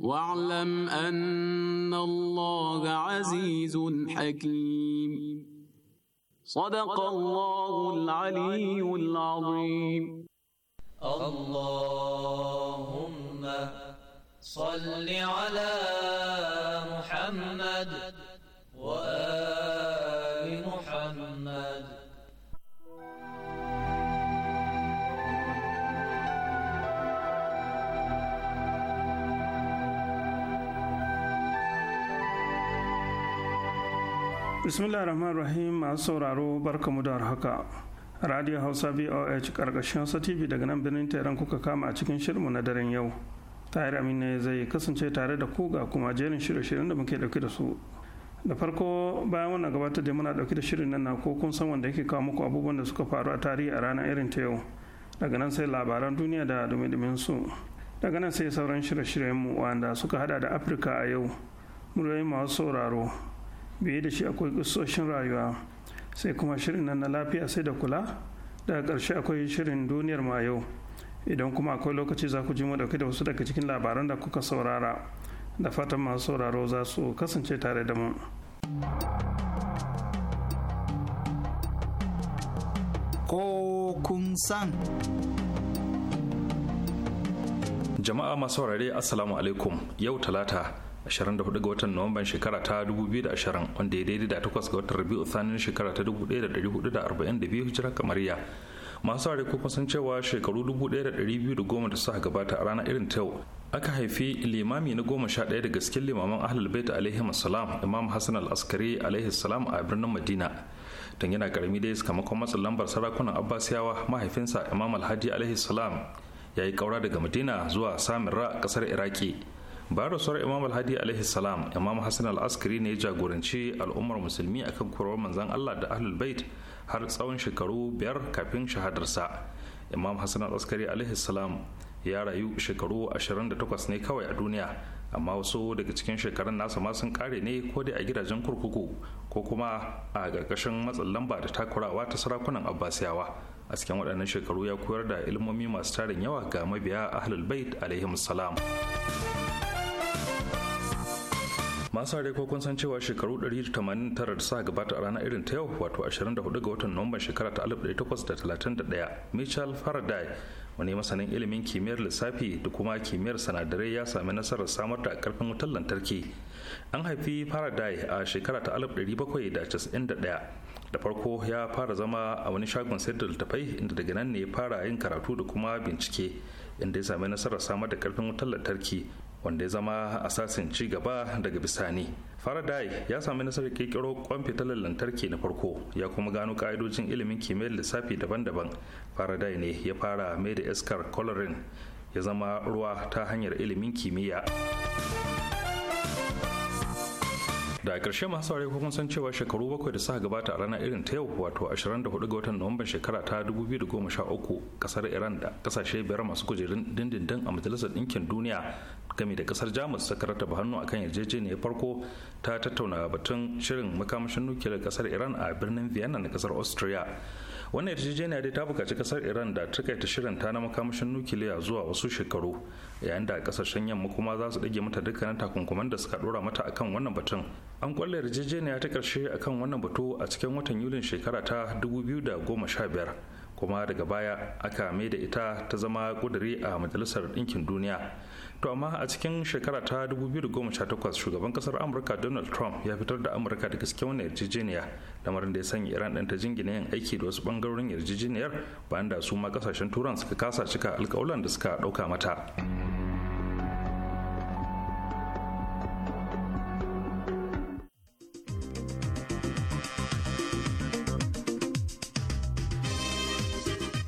واعلم ان الله عزيز حكيم صدق الله العلي العظيم اللهم صل على محمد وآل bismillah rahman rahim masu sauraro barkamu da haka radio hausa boh karkashin hausa tv daga nan birnin tehran kuka kama a cikin shirinmu na daren yau tahir amin ne zai kasance tare da koga kuma jerin shirye-shiryen da muke dauke da su da farko bayan wannan gabatar da muna dauke da shirin nan na ko kun san wanda yake kawo muku abubuwan da suka faru a tarihi a ranar irin ta yau daga nan sai labaran duniya da dumi su daga nan sai sauran shirye-shiryen mu wanda suka hada da afirka a yau muryoyin masu sauraro biye da shi akwai ƙusoshin rayuwa sai kuma shirin nan na lafiya sai da kula daga ƙarshe akwai shirin duniyar ma yau idan kuma akwai lokaci za ku ji mu dauke da wasu daga cikin labaran da kuka saurara da fatan masu sauraro za su kasance tare da mu ko san jama'a masu saurare assalamu alaikum yau talata 24 ga watan Nuwamban shekara ta 2020 wanda ya daidai da 8 ga watan Rabiu Thani shekara ta 1442 hijira kamariya. Masu ware kuma sun cewa shekaru 1210 da suka gabata a ranar irin ta yau aka haifi limami na goma sha ɗaya daga cikin limaman ahlul bait alaihi salam imam hassan al-askari alaihi salam a birnin madina tun yana karami da iska makon matsin lambar sarakunan abbasiyawa mahaifinsa imam alhaji alaihi salam ya yi kaura daga madina zuwa samira kasar iraki bayan rasuwar imam alhadi alaihi salam imam hassan al-askari ne ya jagoranci al'ummar musulmi akan kurowar manzan allah da ahlul bait har tsawon shekaru biyar kafin shahadarsa imam hassan al-askari alaihi salam ya rayu shekaru 28 ne kawai a duniya amma wasu daga cikin shekarun nasa ma sun kare ne ko dai a gidajen kurkuku ko kuma a ƙarƙashin matsin lamba da takurawa ta sarakunan abbasiyawa a cikin waɗannan shekaru ya koyar da ilmomi masu tarin yawa ga mabiya ahlul bait alaihi salam masu hare ko kun san cewa shekaru 189 da sa gabata a ranar irin ta yau wato 24 ga watan nuwamban shekara ta 1831 michel faraday wani masanin ilimin kimiyyar lissafi da kuma kimiyyar sanadarai ya sami nasarar samar da karfin wutar lantarki an haifi faraday a shekara ta 1791 da farko ya fara zama a wani shagon sayar da littafai inda daga nan ne ya fara yin karatu da kuma bincike inda ya sami nasarar samar da karfin wutar lantarki wanda ya zama asasin ci gaba daga bisani faraday ya sami nasarar kirkiro kwan fitilar lantarki na farko ya kuma gano ka'idojin ilimin kimiyyar lissafi daban-daban faraday ne ya fara mai da iskar colorin ya zama ruwa ta hanyar ilimin kimiyya da ƙarshe masu saurari kuma san cewa shekaru bakwai da suka gabata a ranar irin ta yau wato 24 ga watan nuwamban shekara ta 2013 kasar iran da kasashe biyar masu kujerun dindindin a majalisar ɗinkin duniya gami da kasar jamus sakarata rataba hannu akan yarjejeniyar farko ta tattauna batun shirin makamashin nukiliyar kasar iran a birnin vienna na kasar austria wannan yarjejeniya dai ta bukaci kasar iran da takaita shirin ta na makamashin nukiliya zuwa wasu shekaru yayin da kasashen yamma kuma za su dage mata dukkanin takunkuman da suka dora mata akan wannan batun an kwallo yarjejeniya ta karshe akan wannan batu a cikin watan yulin shekara ta 2015 kuma daga baya aka mai da ita ta zama kuduri a majalisar ɗinkin duniya to amma a cikin shekara ta 2018 shugaban kasar amurka donald trump ya fitar da amurka da gaske wani yarjejeniya lamarin da ya sanya iran ɗin ta jingina yin aiki da wasu bangarorin yarjejeniyar bayan da su ma kasashen turan suka kasa cika alkawalan da suka ɗauka mata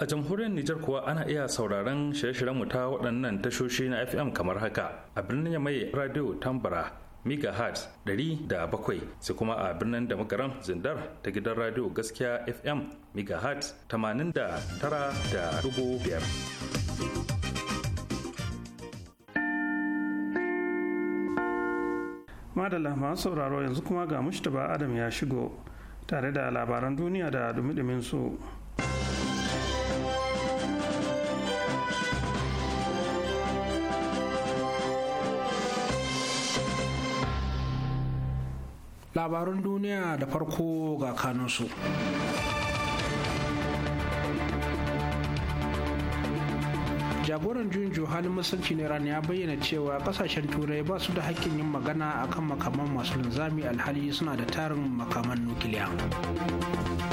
a jamhuriyar Nijar kuwa ana iya sauraron shirye-shiryen mu ta waɗannan tashoshi na FM kamar haka a birnin mai radio Tambara megahertz 107 sai kuma a birnin da magaram zindar ta gidan radio gaskiya FM megahertz 89.5 madalla masu sauraro yanzu kuma ga mushtaba adam ya shigo tare da labaran duniya da dumi su. labarun duniya da farko ga kanunsu. jagoran juyin halin musulci na iran ya bayyana cewa kasashen turai ba su da hakkin yin magana akan makaman masu linzami alhali suna da tarin makaman nukiliya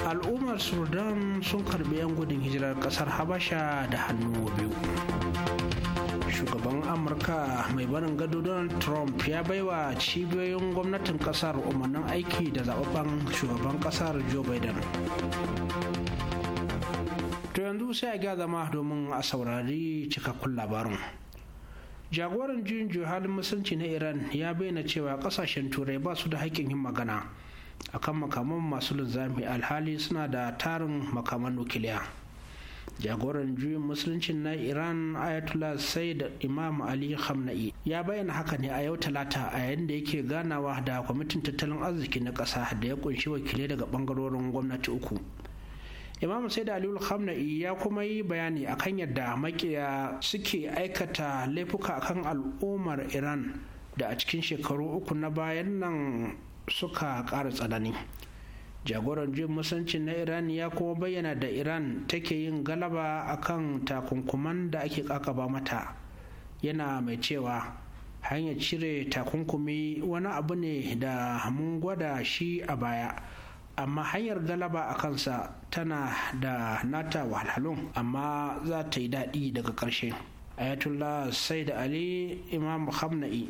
al'ummar sudan sun karbi 'yan gudun hijirar kasar habasha da hannu biyu shugaban amurka mai barin gado donald trump ya baiwa cibiyoyin gwamnatin kasar umarnin aiki da zababban shugaban kasar joe biden to yanzu sai a ga zama domin a saurari cikakkun labarin jagoran juyin halin musulunci na iran ya bayyana cewa kasashen turai ba su da haƙƙin yin magana akan makaman masu linzami alhali suna da tarin makaman nukiliya. jagoran juyin musuluncin na iran ayatollah sai imam ali khamenei ya bayyana haka ne a yau talata a yayin da yake ganawa da kwamitin tattalin arziki na ƙasa da ya kunshi wakilai daga bangarorin gwamnati uku imam sai da aliyu khamenei ya kuma yi bayani akan yadda makiya suke aikata laifuka akan al'ummar iran da a cikin shekaru uku na bayan nan suka ƙara tsanani jagoran jin musancin na iran ya kuma bayyana da iran take yin galaba akan takunkuman da ake kakaba mata yana mai cewa hanyar cire takunkumi wani abu ne da mun gwada shi a baya amma hanyar galaba a kansa tana da nata wahalhalun amma za ta yi daɗi daga ƙarshe ayatollah said ali imam hamna'i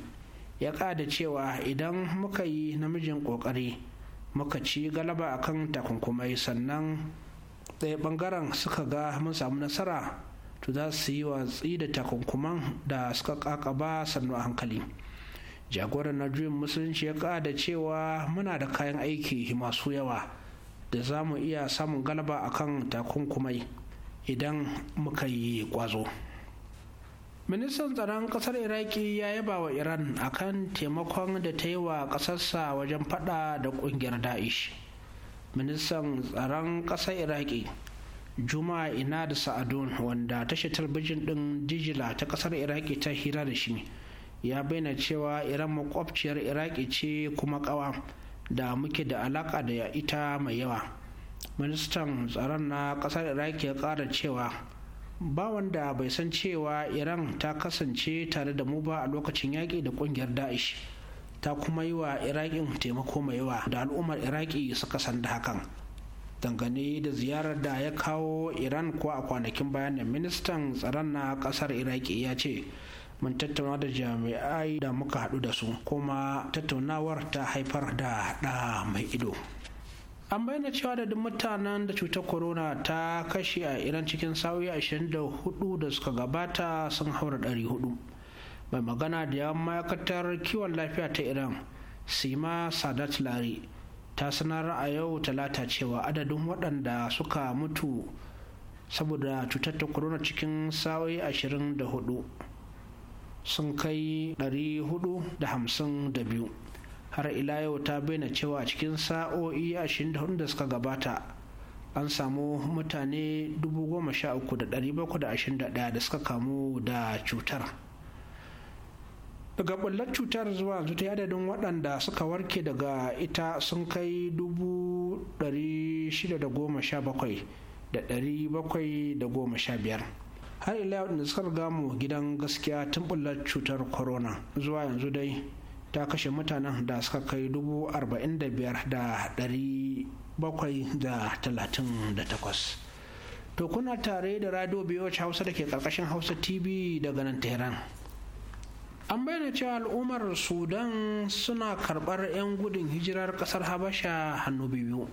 ya ƙada cewa idan muka yi namijin ƙoƙari muka ci galaba akan takunkumai sannan ɗaya ɓangaren suka ga mun samu nasara to za su yi watsi da takunkuman da suka kakaba sannu a hankali jagoran na juyin musulunci ya da cewa muna da kayan aiki masu yawa da za mu iya samun galaba akan takunkumai idan muka yi kwazo. ministan tsaron kasar iraki ya yaba wa iran akan taimakon da ta yi wa kasarsa wajen fada da kungiyar daesh ministan tsaron kasar iraki juma'a ina da sa'adun wanda tashar talbijin din dijila ta kasar iraki ta hira da shi ya bayyana cewa iran makwabciyar iraki ce kuma kawa da muke da alaka da ita mai yawa ministan tsaron na kasar iraki ya kara cewa ba wanda bai san cewa iran ta kasance tare da mu ba a lokacin yaƙi da ƙungiyar da'ish ta kuma yi wa iraƙin taimako mai yawa da al'ummar iraƙi suka san da hakan dangane da ziyarar da ya kawo iran ko a kwanakin bayan ministan tsaron na ƙasar Iraƙi ya ce mun tattauna da jami'ai da muka haɗu da su kuma tattaunawar ta haifar da ɗa mai ido an bayyana cewa da duk mutanen da cutar corona ta kashe a iran cikin sauyi 24 da suka gabata sun haura 400 mai magana da yawan ma'aikatar kiwon lafiya ta iran sima sadat lari ta sanar a yau talata cewa adadin waɗanda suka mutu saboda cutar ta corona cikin sa'o'i 24 sun kai 452 har ila yau ta bayyana cewa cikin sa'o'i 24 da suka gabata an samu mutane 13,721 da suka kamu da cutar daga bullar cutar zuwa yanzu ta adadin waɗanda suka warke daga ita sun kai 617,715 har ila yau da suka gamu gidan gaskiya tun bullar cutar corona zuwa yanzu dai ta kashe mutanen da suka kai dubu arba'in da biyar da dari bakwai da talatin da takwas to kuna tare da radio biyoci hausa da ke ƙarƙashin hausa tv daga nan tehran an bayyana cewa al'ummar sudan suna karɓar 'yan gudun hijirar ƙasar habasha hannu biyu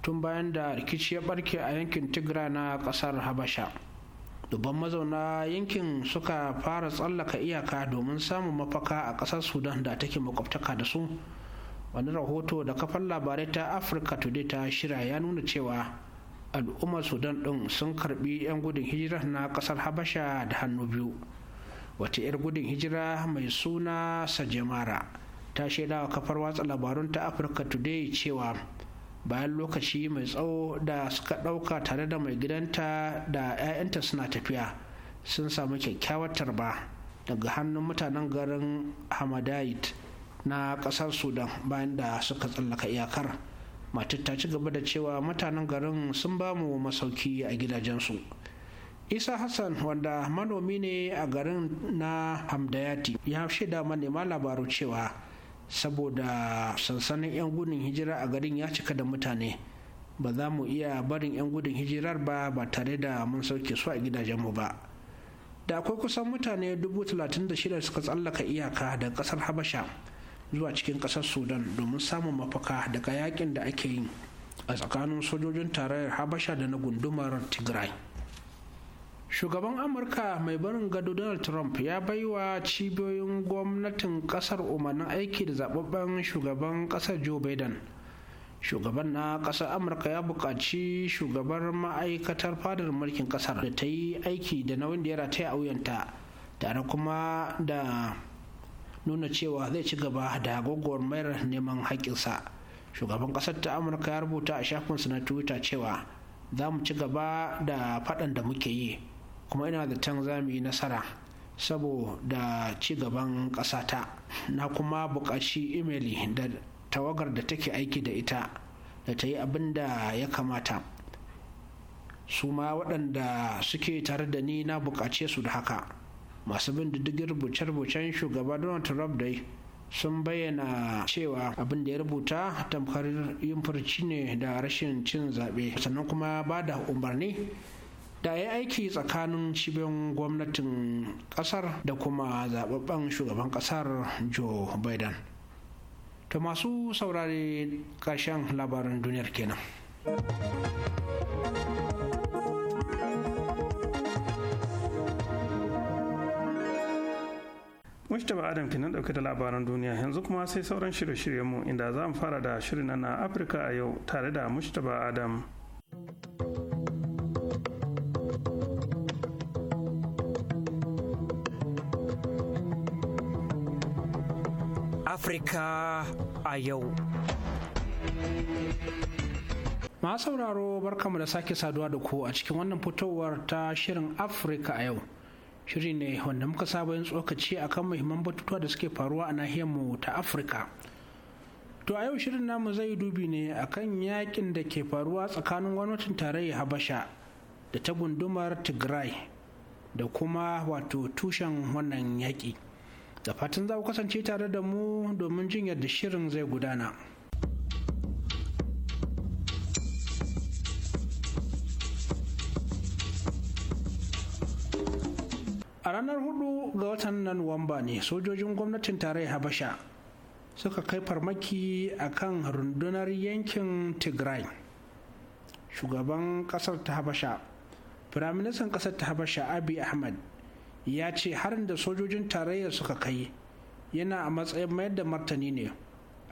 tun bayan da rikici ya barke a yankin tigra na ƙasar habasha dubban mazauna yankin suka fara tsallaka iyaka domin samun mafaka a ƙasar sudan da take makwabtaka da su wani rahoto da kafar labarai ta Afirka today ta shira ya nuna cewa al'ummar sudan ɗin sun karbi 'yan gudun hijira na ƙasar habasha da hannu biyu wata 'yar gudun hijira mai suna sajamara ta shaidawa kafar watsa labarun ta Afirka today cewa bayan lokaci mai tsawo da suka ɗauka tare da mai gidanta da 'ya'yanta suna tafiya sun samu kyakkyawar tarba daga hannun mutanen garin hamadait na ƙasar sudan bayan da suka tsallaka iyakar matar ta ci gaba da cewa mutanen garin sun ba mu masauki a gidajensu isa hassan wanda manomi ne a garin na hamdayati ya shaida manema labaru cewa saboda sansanin 'yan gudun hijira a garin ya cika da mutane ba za mu iya barin 'yan gudun hijirar ba ba tare da mun sauke su a gidajenmu ba da akwai kusan mutane shida suka tsallaka iyaka daga kasar habasha zuwa cikin kasar sudan domin samun mafaka daga yakin da ake yi a tsakanin sojojin tarayyar habasha da na gundumar tigray shugaban amurka mai barin gado donald trump ya baiwa cibiyoyin gwamnatin kasar umarnin aiki da zababben shugaban kasar joe biden shugaban na kasar amurka ya buƙaci shugabar ma'aikatar fadar mulkin kasar da ta yi aiki da nauyin da ya rataya a wuyanta tare kuma da nuna cewa zai ci gaba da mayar neman haƙƙinsa shugaban ƙasar ta amurka ya rubuta a shafinsa na twitter cewa za mu ci gaba da faɗan da muke yi kuma ina da can za mu yi nasara saboda ci gaban ƙasata na kuma buƙaci imeli da tawagar da take aiki da ita da ta yi abin da ya kamata su ma waɗanda suke tare da ni na buƙace su da haka masu bin diddigin rubuce-rubucen shugaba donald trump dai sun bayyana cewa abin da ya rubuta tamkar yin furci ne da rashin cin zaɓe sannan kuma ba da umarni da ya aiki tsakanin shibin gwamnatin kasar da kuma zababben shugaban kasar joe biden to masu saurare ƙarshen labaran duniyar kenan Mustapha Adam ke nan dauke da labaran duniya yanzu kuma sai sauran shirye-shiryenmu inda za mu fara da shirin na Afirka a yau tare da Mustapha Adam. Afirka a yau. Masu sauraro barkamu da sake saduwa da ku a cikin wannan fitowar ta shirin Afirka a yau. Shiri ne wanda muka saba yin tsokaci akan muhimman batutuwa da suke faruwa a nahiyarmu ta Afirka. To a yau shirin namu zai dubi ne akan yakin da ke faruwa tsakanin gwamnatin tarayya Habasha da ta gundumar Tigray da kuma wato tushen wannan yaƙi. da fatan za ku kasance tare da mu domin jin yadda shirin zai gudana. a ranar hudu ga watan nanuwamba ne sojojin gwamnatin tarayyar habasha suka kai farmaki a kan rundunar yankin tigray shugaban kasar ta habasha firaministan kasar ta habasha abi ahmad ya ce harin da sojojin tarayya suka kai yana a matsayin mayar da martani ne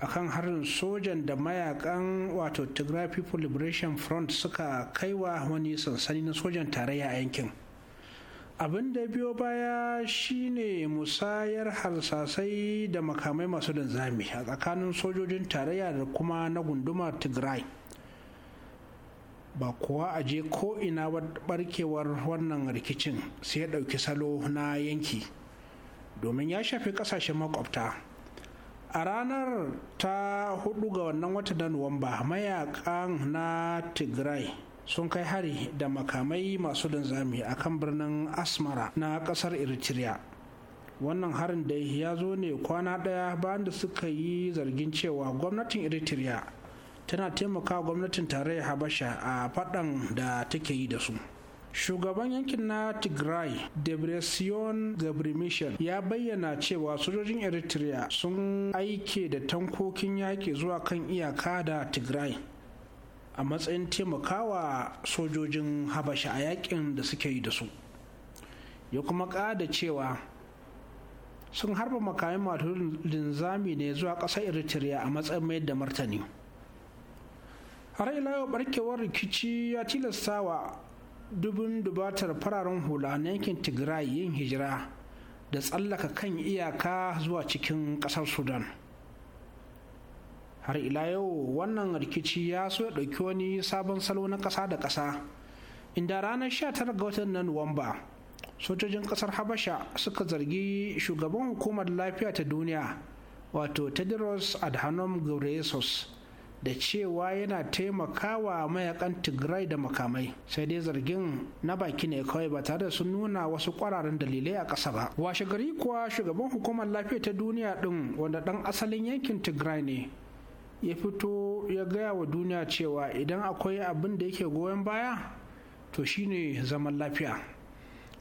akan harin sojan da mayakan wato Tigray People Liberation Front suka kaiwa wani sansani na sojan tarayya a yankin. Abin da biyo baya shine musayar harsasai da makamai masu linzami a tsakanin sojojin tarayya da kuma na gundumar Tigray. ba kuwa a je ko ina barkewar wannan rikicin sai ya ɗauki salo na yanki domin ya shafi ƙasashen makwabta a ranar ta hudu ga wannan wata na nuwamba mayakan na tigray sun kai hari da makamai masu linzami a kan birnin asmara na ƙasar eritrea wannan harin dai ya zo ne kwana ɗaya bayan da suka yi zargin cewa gwamnatin eritrea tana taimakawa gwamnatin tarayyar habasha a faɗan da take yi da su shugaban yankin na tigray debresion gabrimishan ya bayyana cewa sojojin eritrea sun aike da tankokin yaƙi zuwa kan iyaka da tigray a matsayin taimakawa sojojin habasha a yaƙin da suke yi da su ya kuma ƙada cewa sun harba makamin masu linzami ne zuwa ƙasar eritrea a matsayin mayar da martani har ila yau barkewar rikici ya tilasta wa dubin dubatar fararen hula na yankin tigray yin hijira da tsallaka kan iyaka zuwa cikin ƙasar sudan har ila yau wannan rikici ya so ya ɗauki wani sabon salo na ƙasa da ƙasa inda ranar 19 ga watan na nuwamba sojojin ƙasar habasha suka zargi shugaban hukumar lafiya ta duniya wato tedros adhanom ghebreyesus da cewa yana taimakawa mayakan tigray da makamai sai dai zargin na baki ne kawai ba tare da sun nuna wasu kwararan dalilai a ƙasa ba washe gari kuwa shugaban hukumar lafiya ta duniya din wanda dan asalin yankin tigray ne ya fito ya gaya wa duniya cewa idan akwai abin da yake goyon baya to shine zaman lafiya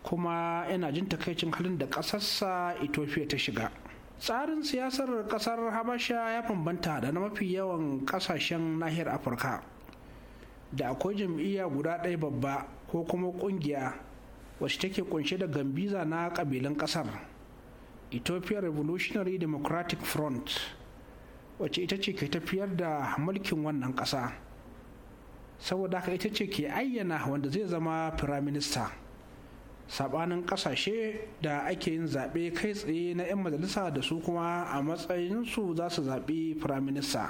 kuma yana jin takaicin halin da ƙasarsa ethiopia ta shiga tsarin siyasar kasar habasha ya bambanta da na mafi yawan kasashen nahiyar afirka da akwai jam'iyya guda ɗaya babba ko kuma ƙungiya wacce take kunshe da gambiza na ƙabilun ƙasar ethiopia revolutionary democratic front wacce ita ce ke tafiyar da mulkin wannan ƙasa saboda haka ita ce ke ayyana wanda zai zama firaminista sabanin kasashe da ake yin zaɓe kai tsaye na 'yan majalisa da su kuma a matsayinsu za su zaɓi firaminista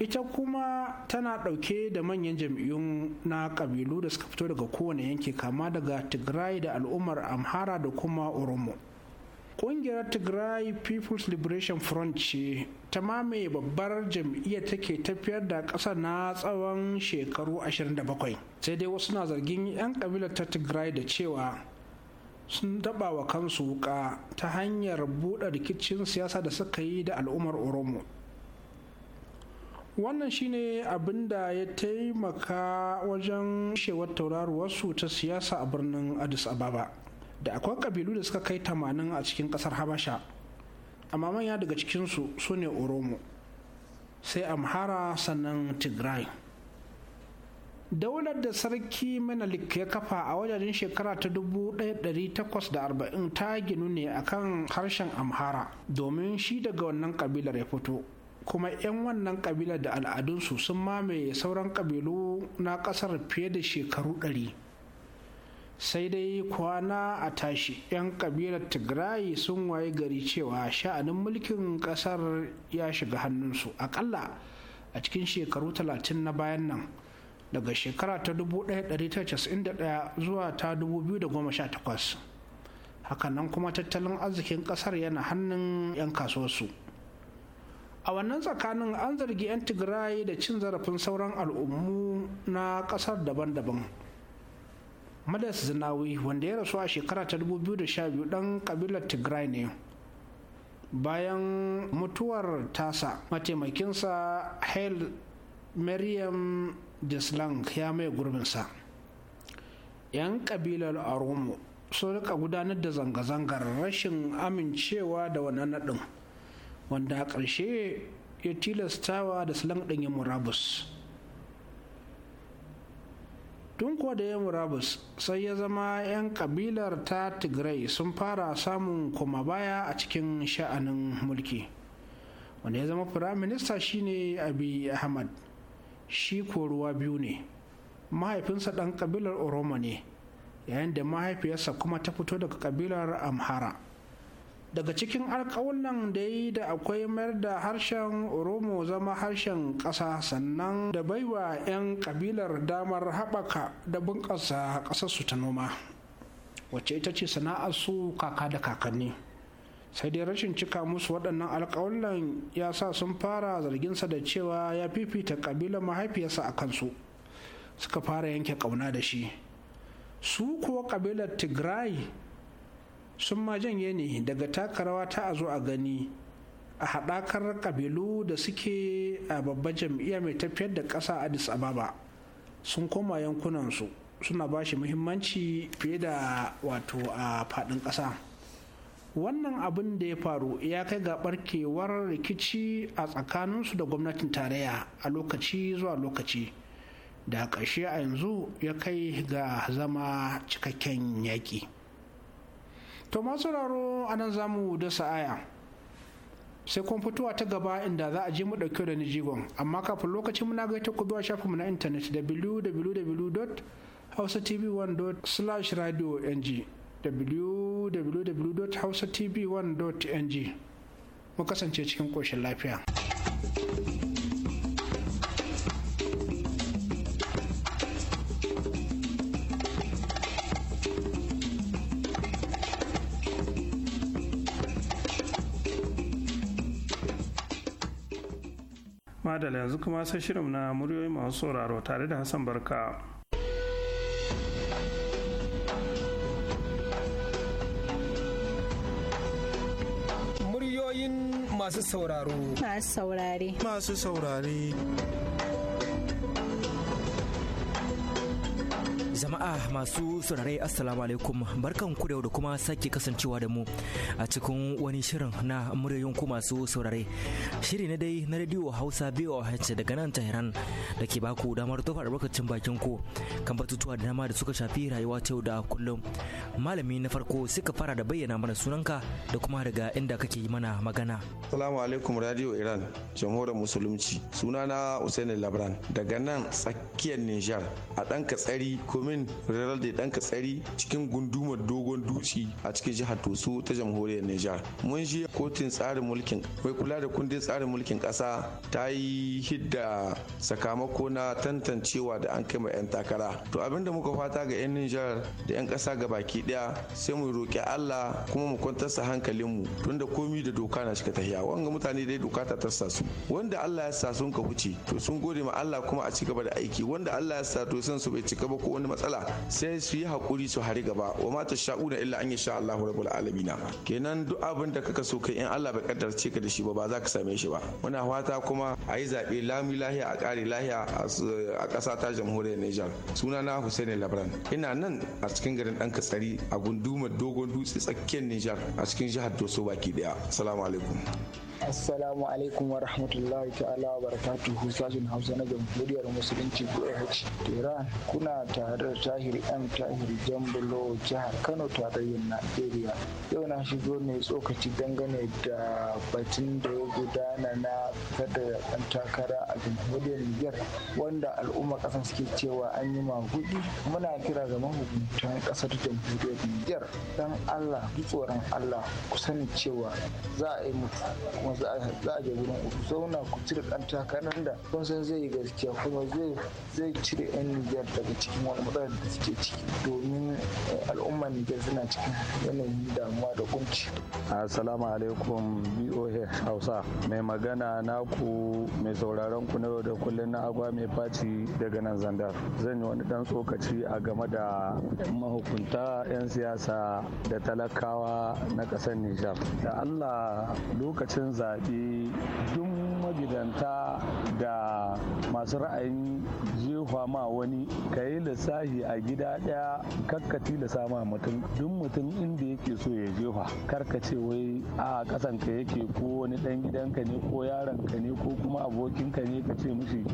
ita kuma tana ɗauke da manyan jam'iyyun na ƙabilu da suka fito daga kowane yanki kama daga tigray da al'ummar amhara da kuma oromo ƙungiyar tigray people's liberation front ce ta mamaye babbar jam'iyyar take tafiyar da ƙasa na tsawon shekaru 27 sai dai wasu na zargin 'yan ƙabilar ta tigray da cewa sun taɓa wa kansu wuka ta hanyar buɗe rikicin siyasa da suka yi da al'ummar oromo wannan shine abin da ya taimaka wajen shewar tauraruwarsu ta siyasa a birnin addis ababa da akwai kabilu da suka kai tamanin a cikin kasar habasha amma manya daga cikinsu su ne oromo sai amhara sannan tigray daular da sarki menelik ya kafa a wajajen shekara ta 1840 ta ginu ne akan harshen amhara domin shi daga wannan kabilar ya fito kuma 'yan wannan kabilar da al'adunsu sun mamaye sauran kabilu na kasar fiye da shekaru ɗari. sai dai kwana a tashi 'yan kabilar tigray sun waye gari cewa sha'anin mulkin kasar ya shiga hannunsu akalla a cikin shekaru 30 na bayan nan daga shekara ta 1991 zuwa ta 2018 hakanan kuma tattalin arzikin kasar yana hannun 'yan kasuwarsu a wannan tsakanin an zargi 'yan tigray da cin zarafin sauran al'ummu na kasar daban-daban madas zinawi wanda ya rasu a shekara ta 2012 dan kabilar tigray ne bayan mutuwar tasa mataimakinsa hail maryam deslang ya mai gurbinsa 'yan kabilar aromo sun rika gudanar da zanga-zangar rashin amincewa da wannan naɗin wanda a ƙarshe ya tilastawa da slang ɗin murabus tun ko da ya murabus sai ya zama 'yan kabilar ta tigray sun fara samun koma baya a cikin sha'anin mulki wanda ya zama firaminista shine abi ahmad shi ruwa biyu ne mahaifinsa ɗan kabilar oroma ne yayin da mahaifiyarsa kuma ta fito daga kabilar amhara daga cikin alkawunan da yi da akwai mayar da harshen oromo zama harshen ƙasa sannan da baiwa 'yan ƙabilar damar haɓaka da bunƙasa ƙasarsu ta noma wacce ita ce sana'ar su kaka da kakanni sai dai rashin cika musu waɗannan alkawunan ya sa sun fara zarginsa da cewa ya fifita ƙabilar mahaifiyarsa a kansu suka fara yanke ƙauna da shi su kuwa ƙabilar tigray sun ma janye ne daga takarawa ta a zo a gani a haɗakar ƙabilu da suke a babban jam'iyya mai tafiyar da ƙasa addis ababa sun koma yankunansu suna ba shi muhimmanci fiye da wato a faɗin ƙasa wannan abin da ya faru ya kai ga ɓarkewar rikici a tsakaninsu da gwamnatin tarayya a lokaci zuwa lokaci da ƙarshe a yanzu ya kai ga zama cikakken yaƙi. to masu raro anan zamu da sa'aya sai kuma fitowa ta gaba inda za a je mu ɗauke da nijigon amma kafin lokacin muna gaita ku zuwa shafin mu na intanet www.hausatv1.radio.ng www.hausatv1.ng mu kasance cikin ƙoshin lafiya. madala yanzu kuma sai shirin na muryoyi masu sauraro tare da hassan barka muryoyin masu sauraro masu saurare masu saurare Jama'a masu saurare Assalamu alaikum barkan ku da kuma sake kasancewa da mu a cikin wani shirin na muryoyin ku masu saurare. Shiri na dai na Radio Hausa BOH daga nan Tehran da ke baku damar tofa albarkacin bakin ku kan batutuwa da dama da suka shafi rayuwa ta da kullum. Malami na farko suka fara da bayyana mana sunanka da kuma daga inda kake yi mana magana. Assalamu alaikum Radio Iran Jamhuriyar Musulunci sunana Usaini Labran daga nan tsakiyar Nijar a ɗan katsari ko domin rarar da ɗan katsari cikin gundumar dogon dutse a cikin jihar Toso ta jamhuriyar Nijar. Mun je kotun tsarin mulkin mai kula da kundin tsarin mulkin ƙasa ta yi hidda sakamako na tantancewa da an kai ma 'yan takara. To abinda muka fata ga 'yan Nijar da 'yan ƙasa ga baki ɗaya sai mu roƙi Allah kuma mu kwantar sa hankalinmu tunda komi da doka na shiga tahiya wanga mutane dai doka ta tassa su wanda Allah ya sa sun ka huce to sun gode ma Allah kuma a ci da aiki wanda Allah ya sa to san su bai cika ba ko wani matsala sai su yi hakuri su hari gaba wa ma sha'una illa an yasha Allahu rabbul alamin kenan duk abin da kaka so kai in Allah bai kaddarce ka da shi ba ba za ka same shi ba muna fata kuma a yi zaɓe lami lahiya a kare lahiya a kasa ta jamhuriyar Nijar suna na Hussein Labran ina nan a cikin garin ɗan katsari a gundumar dogon dutse tsakiyar Nijar a cikin jihar Doso baki daya assalamu alaikum Assalamu alaikum wa rahmatullahi ta'ala wa barakatuhu sashen Hausa na Jamhuriyar Musulunci BOH Tehran kuna tare da Tahir M Tahir Jambulo jihar Kano tarayyar Najeriya. Yau na shigo ne tsokaci dangane da batun da ya gudana na kada ɗan takara a Jamhuriyar Niger wanda al'umma ƙasa suke cewa an yi magudi muna kira ga mahukuntan ƙasar Jamhuriyar Niger dan Allah ji tsoron Allah ku sani cewa za a yi mutu kuma za a je wurin ku zauna ku cire ɗan takarar da kun san zai yi gaskiya kuma zai zai cire 'yan Nijar daga cikin wani matsalar da suke ciki domin eh, al'ummar Nijar suna cikin yanayin damuwa da kunci. Assalamu alaikum BOH Hausa mai magana naku mai sauraron ku na yau da kullum na agwa mai faci daga nan zandar zan yi wani ɗan tsokaci a game da mahukunta 'yan siyasa da talakawa na ƙasar Nijar da Allah lokacin zaɓe duk magidanta da masu ra'ayin jefa ma wani ka yi lissafi a gida ɗaya karkaci da ma mutum duk mutum inda yake so ya jefa karkace wai a ƙasan ka yake ko wani ɗan gidanka ne ko yaron ka ne ko kuma abokinka ne ka ce mishi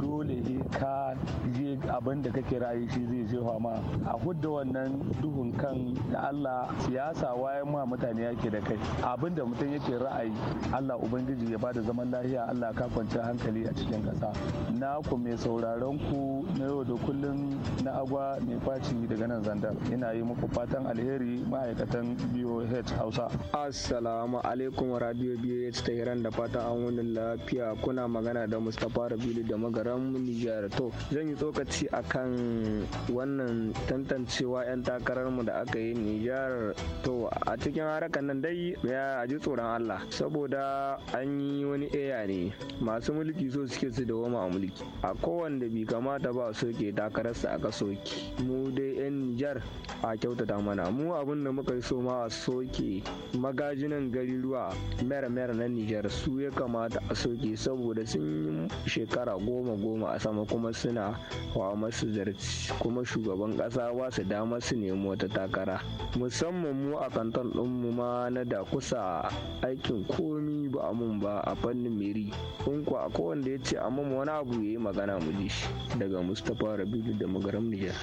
dole ka je abin da kake ra'ayi shi zai jefa ma a hudda wannan duhun kan da Allah siyasa wayan ma mutane yake da kai abin da mutum yake ra'ayi Allah Ubangiji ya bada zaman lafiya Allah ka kwanci hankali a cikin ƙasa. Na ku mai sauraron ku na yau da kullum na agwa mai faci daga nan zandar. Ina yi muku fatan alheri ma'aikatan BOH Hausa. Assalamu alaikum radio BOH ta hiran da fatan an wani lafiya kuna magana da Mustapha Rabilu da magaran Nijar. To zan yi tsokaci akan wannan tantancewa 'yan takararmu da aka yi Nijar. To a cikin harakan nan dai ya ji tsoron Allah. saboda an yi wani eya ne masu mulki so suke su wama a mulki a kowanne bi kamata ba soke su aka soke mu dai yan nijar a kyautata mana mu abin da muka yi so ma a soke magajinan gariruwa mera-mera na nijar su ya kamata a soke saboda sun yi shekara goma goma a sama kuma suna wa masu zarci kuma shugaban kasa ba su dama su nemi wata takara musamman mu a kanton ɗinmu ma na da kusa aikin ko komi ba a mun ba a fannin meri in kuwa a kowanne ya ce a mun wani abu ya yi magana mu ji shi daga mustapha rabiu da magaram niger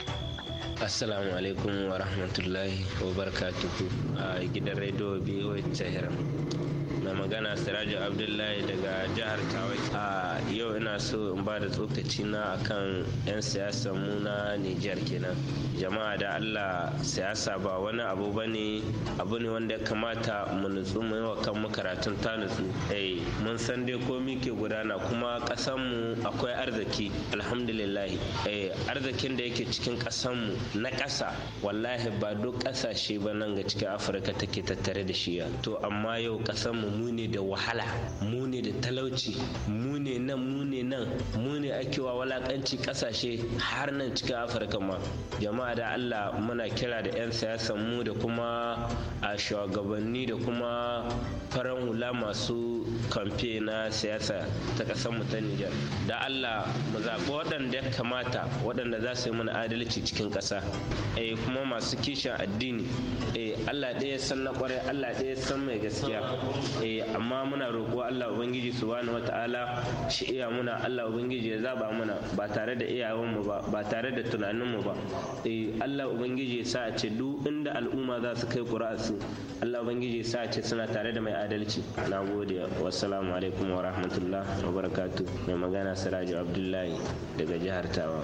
assalamu alaikum wa rahmatullahi wa barakatuhu a gidan rediyo biyu jihar mai magana siraju abdullahi daga jihar tawai a yau ina so in ba da tsokaci na akan 'yan siyasar mu na nijar kenan jama'a da allah siyasa ba wani abu ba ne abu ne wanda ya kamata mu nutsu mu yi wa kan makaratun ta nutsu eh mun san dai komi ke gudana kuma ƙasan mu akwai arziki alhamdulillah eh arzikin da yake cikin ƙasan mu na ƙasa wallahi ba duk ƙasashe ba nan ga cikin afirka take tattare da shi to amma yau ƙasan mu mu ne da wahala mu ne da talauci mu ne nan mu ne nan mu ne ake wa walakanci kasashe har nan cikin afirka ma jama'a da allah muna kira da 'yan siyasan mu da kuma a shugabanni da kuma farin hula masu kamfe na siyasa ta ƙasar mu ta nijar da allah mu zaɓi waɗanda ya kamata waɗanda za su yi mana adalci cikin ƙasa eh, kuma masu kishin addini eh, allah ɗaya san na ƙwarai allah ɗaya san mai gaskiya Eh, amma muna roƙo Allah ubangiji subhanahu wata'ala shi iya muna Allah ubangiji ya zaba muna ba tare da iyawan mu ba ba tare da tunanin mu ba eh Allah ubangiji ya sa a ce duk inda al'umma za su kai su Allah ubangiji ya sa a ce suna tare da mai adalci na gode wassalamu alaikum wa rahmatullah wa barakatuh mai magana Siraju Abdullahi daga jihar Tawa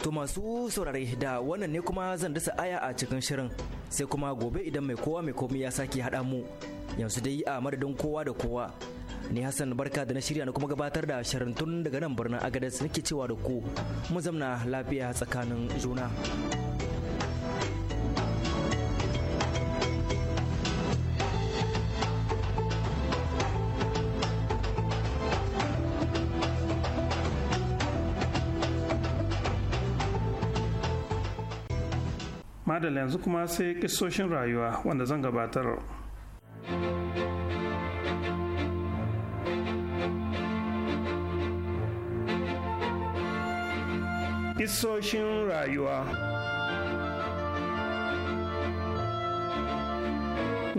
To masu saurare da wannan ne kuma zan dasa aya a cikin shirin sai kuma gobe idan mai kowa mai komai ya sake haɗa mu yanzu dai a madadin kowa da kowa ni hassan barka da na shirya na kuma gabatar da shirin tun daga nan birnin agadas nake cewa da ku mu zamna lafiya tsakanin juna madalla yanzu kuma sai kisoshin rayuwa wanda zan gabatar 一心 r 哟。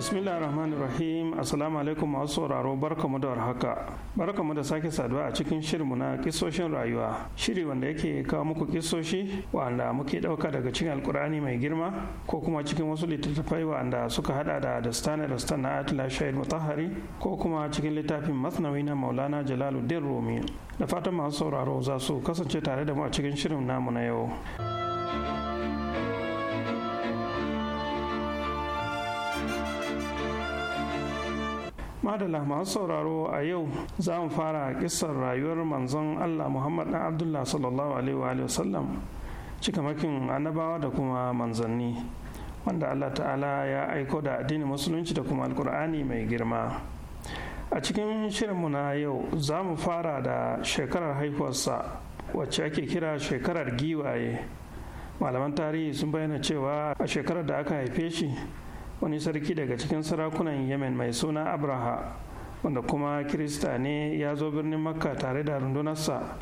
bismillah rahman rahim assalamu alaikum masu sauraro barkamu da warhaka barkamu da sake saduwa a cikin shirinmu na kisoshin rayuwa shiri wanda yake kawo muku kisoshi wanda muke dauka daga cikin alkur'ani mai girma ko kuma cikin wasu littattafai wanda suka hada da dastana dastan na atila shahid mutahari ko kuma cikin littafin masnawi na maulana jalaluddin rumi da fatan masu sauraro za su kasance tare da mu a cikin shirin namu na yau da masu sauraro a yau za mu fara kisar rayuwar manzon allah muhammad ɗan abdullah sallallahu alaihi wasallam cikamakin annabawa da kuma manzanni wanda allah ta'ala ya aiko da addinin musulunci da kuma alkur'ani mai girma a cikin shirinmu na yau za mu fara da shekarar haihuwarsa wacce ake kira shekarar giwaye malaman tarihi sun bayyana cewa a shekarar da aka haife shi wani sarki daga cikin sarakunan yemen mai suna abraha wanda kuma kirista ne ya zo birnin makka tare da rundunarsa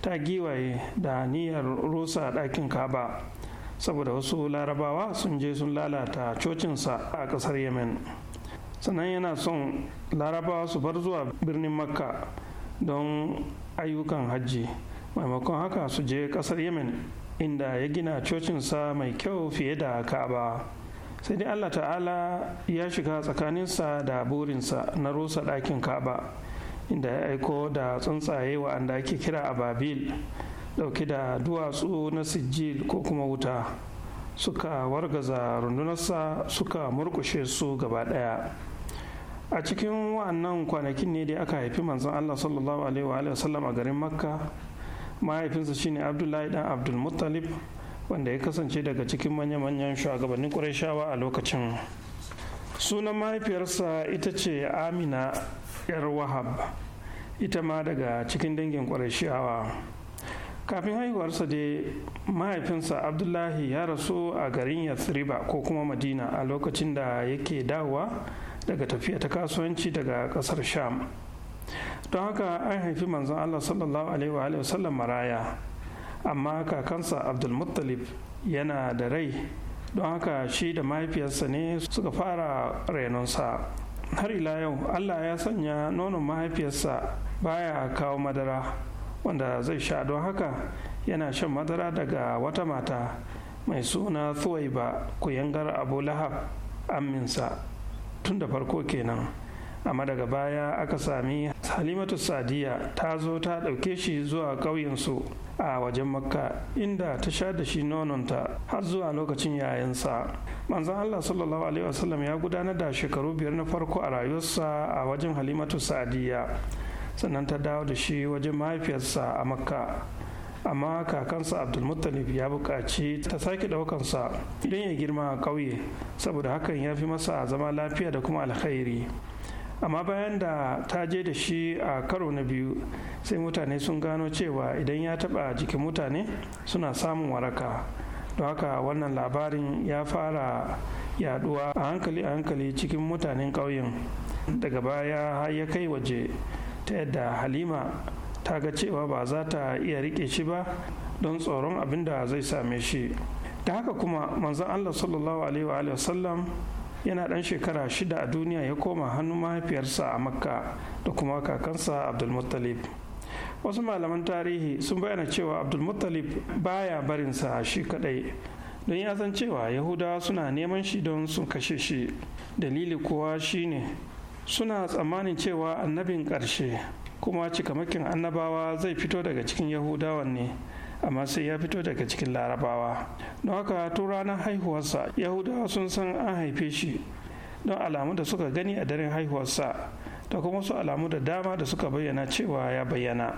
ta giwaye da niyyar rusa ɗakin kaba saboda wasu larabawa sun je sun lalata cocinsa a ƙasar yemen sannan yana son larabawa su bar zuwa birnin makka don ayyukan hajji maimakon haka su je ƙasar yemen inda ya gina cocinsa mai kyau fiye da ka'aba. sai dai allah ta'ala ya shiga tsakaninsa da burinsa na rusa ɗakin kaba inda ya aiko da tsuntsaye wa'anda ake kira a babil ɗauke da duwatsu na sijil ko kuma wuta suka wargaza rundunarsa suka murkushe su gaba ɗaya a cikin wa'annan kwanakin ne dai aka haifi manzon allah sallallahu alaihi wa sallam a garin makka mahaifinsa shine abdullahi dan abdulmuttalib wanda ya kasance daga cikin manya-manyan shugabannin ƙurashawa a lokacin sunan mahaifiyarsa ita ce amina yar wahab ita ma daga cikin dangin ƙurashawa kafin haihuwarsa dai mahaifinsa abdullahi ya rasu a garin yathriba ko kuma madina a lokacin da yake dawowa daga tafiya ta kasuwanci daga ƙasar sham don haka an haifi manzon allah sallallahu alaihi wa sallam maraya amma kakansa abdulmuttalib yana da rai don haka shi da mahaifiyarsa ne suka fara renonsa har ila yau allah ya sanya nonon mahaifiyarsa baya kawo madara wanda zai sha don haka yana shan madara daga wata mata mai suna ku yangar abu lahab aminsa tun da farko kenan amma daga baya aka sami halimatu sadiya ta zo ta ɗauke shi zuwa ƙauyensu a wajen makka inda ta sha da shi nononta har zuwa lokacin yayansa manzon allah sallallahu alaihi wasallam ya gudanar da shekaru biyar na farko a rayuwarsa a wajen halimatu sadiya sannan ta dawo da shi wajen mahaifiyarsa a makka amma kakansa abdulmuttalib ya buƙaci ta sake ɗaukansa don ya girma a ƙauye saboda hakan ya fi masa zama lafiya da kuma alkhairi amma bayan da ta je da shi a karo na biyu sai mutane sun gano cewa idan ya taba jikin mutane suna samun waraka don haka wannan labarin ya fara yaduwa a hankali a hankali cikin mutanen ƙauyen daga baya har ya kai waje ta yadda halima ta ga cewa ba za ta iya rike shi ba don tsoron abin da zai same shi da haka kuma manzon allah sallallahu alaihi wa sallam yana ɗan shekara shida a duniya ya koma hannun mahaifiyarsa a makka da kuma kakansa abdulmuttalib wasu malaman tarihi sun bayyana cewa abdulmuttalib baya barinsa shi kadai don ya san cewa yahudawa suna neman shi don sun kashe shi dalili kuwa shine suna tsammanin cewa annabin ƙarshe kuma cikamakin annabawa zai fito daga cikin yahudawan ne amma sai ya fito daga cikin larabawa don haka tun ranar haihuwarsa yahudawa sun san an haife shi don alamu da suka gani a daren haihuwarsa da kuma wasu alamu da dama da suka bayyana cewa ya bayyana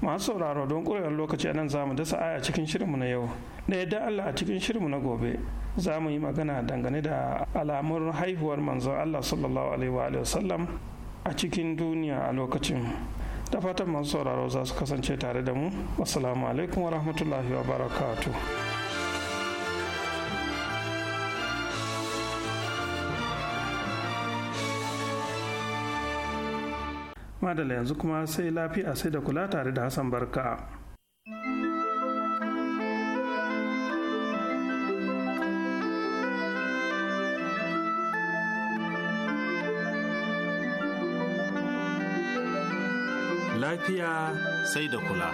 masu sauraro don ƙurewar lokaci a nan zamu dasa aya cikin shirinmu na yau da yadda allah a cikin shirinmu na gobe za mu yi magana dangane da alamun haihuwar manzon allah sallallahu alaihi wa sallam a cikin duniya a lokacin da fatan masu sauraro za su kasance tare da mu assalamu alaikum wa rahmatullahi wa barakatu. madala yanzu kuma sai lafiya sai da kula tare da hassan barka lafiya sai da kula.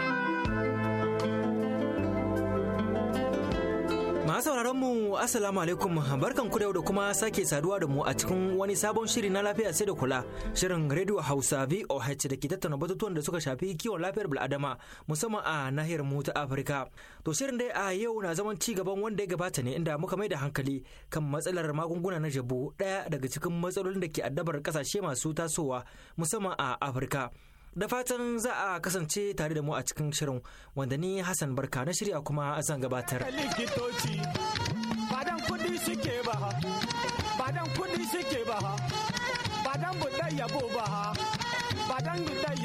Masu sauraron mu Assalamu alaikum barkan ku da da kuma sake saduwa da mu a cikin wani sabon shiri na lafiya sai da kula shirin Radio Hausa VOH da ke tattauna batutuwan da suka shafi kiwon lafiyar bil'adama musamman a nahiyar mu ta Afirka. To shirin dai a yau na zaman ci gaban wanda ya gabata ne inda muka mai da hankali kan matsalar magunguna na jabu daya daga cikin matsalolin da ke addabar kasashe masu tasowa musamman a Afirka. da fatan za a kasance tare da mu a cikin shirin wanda ni hassan barka na shirya kuma zan gabatar ba ba ba dan dai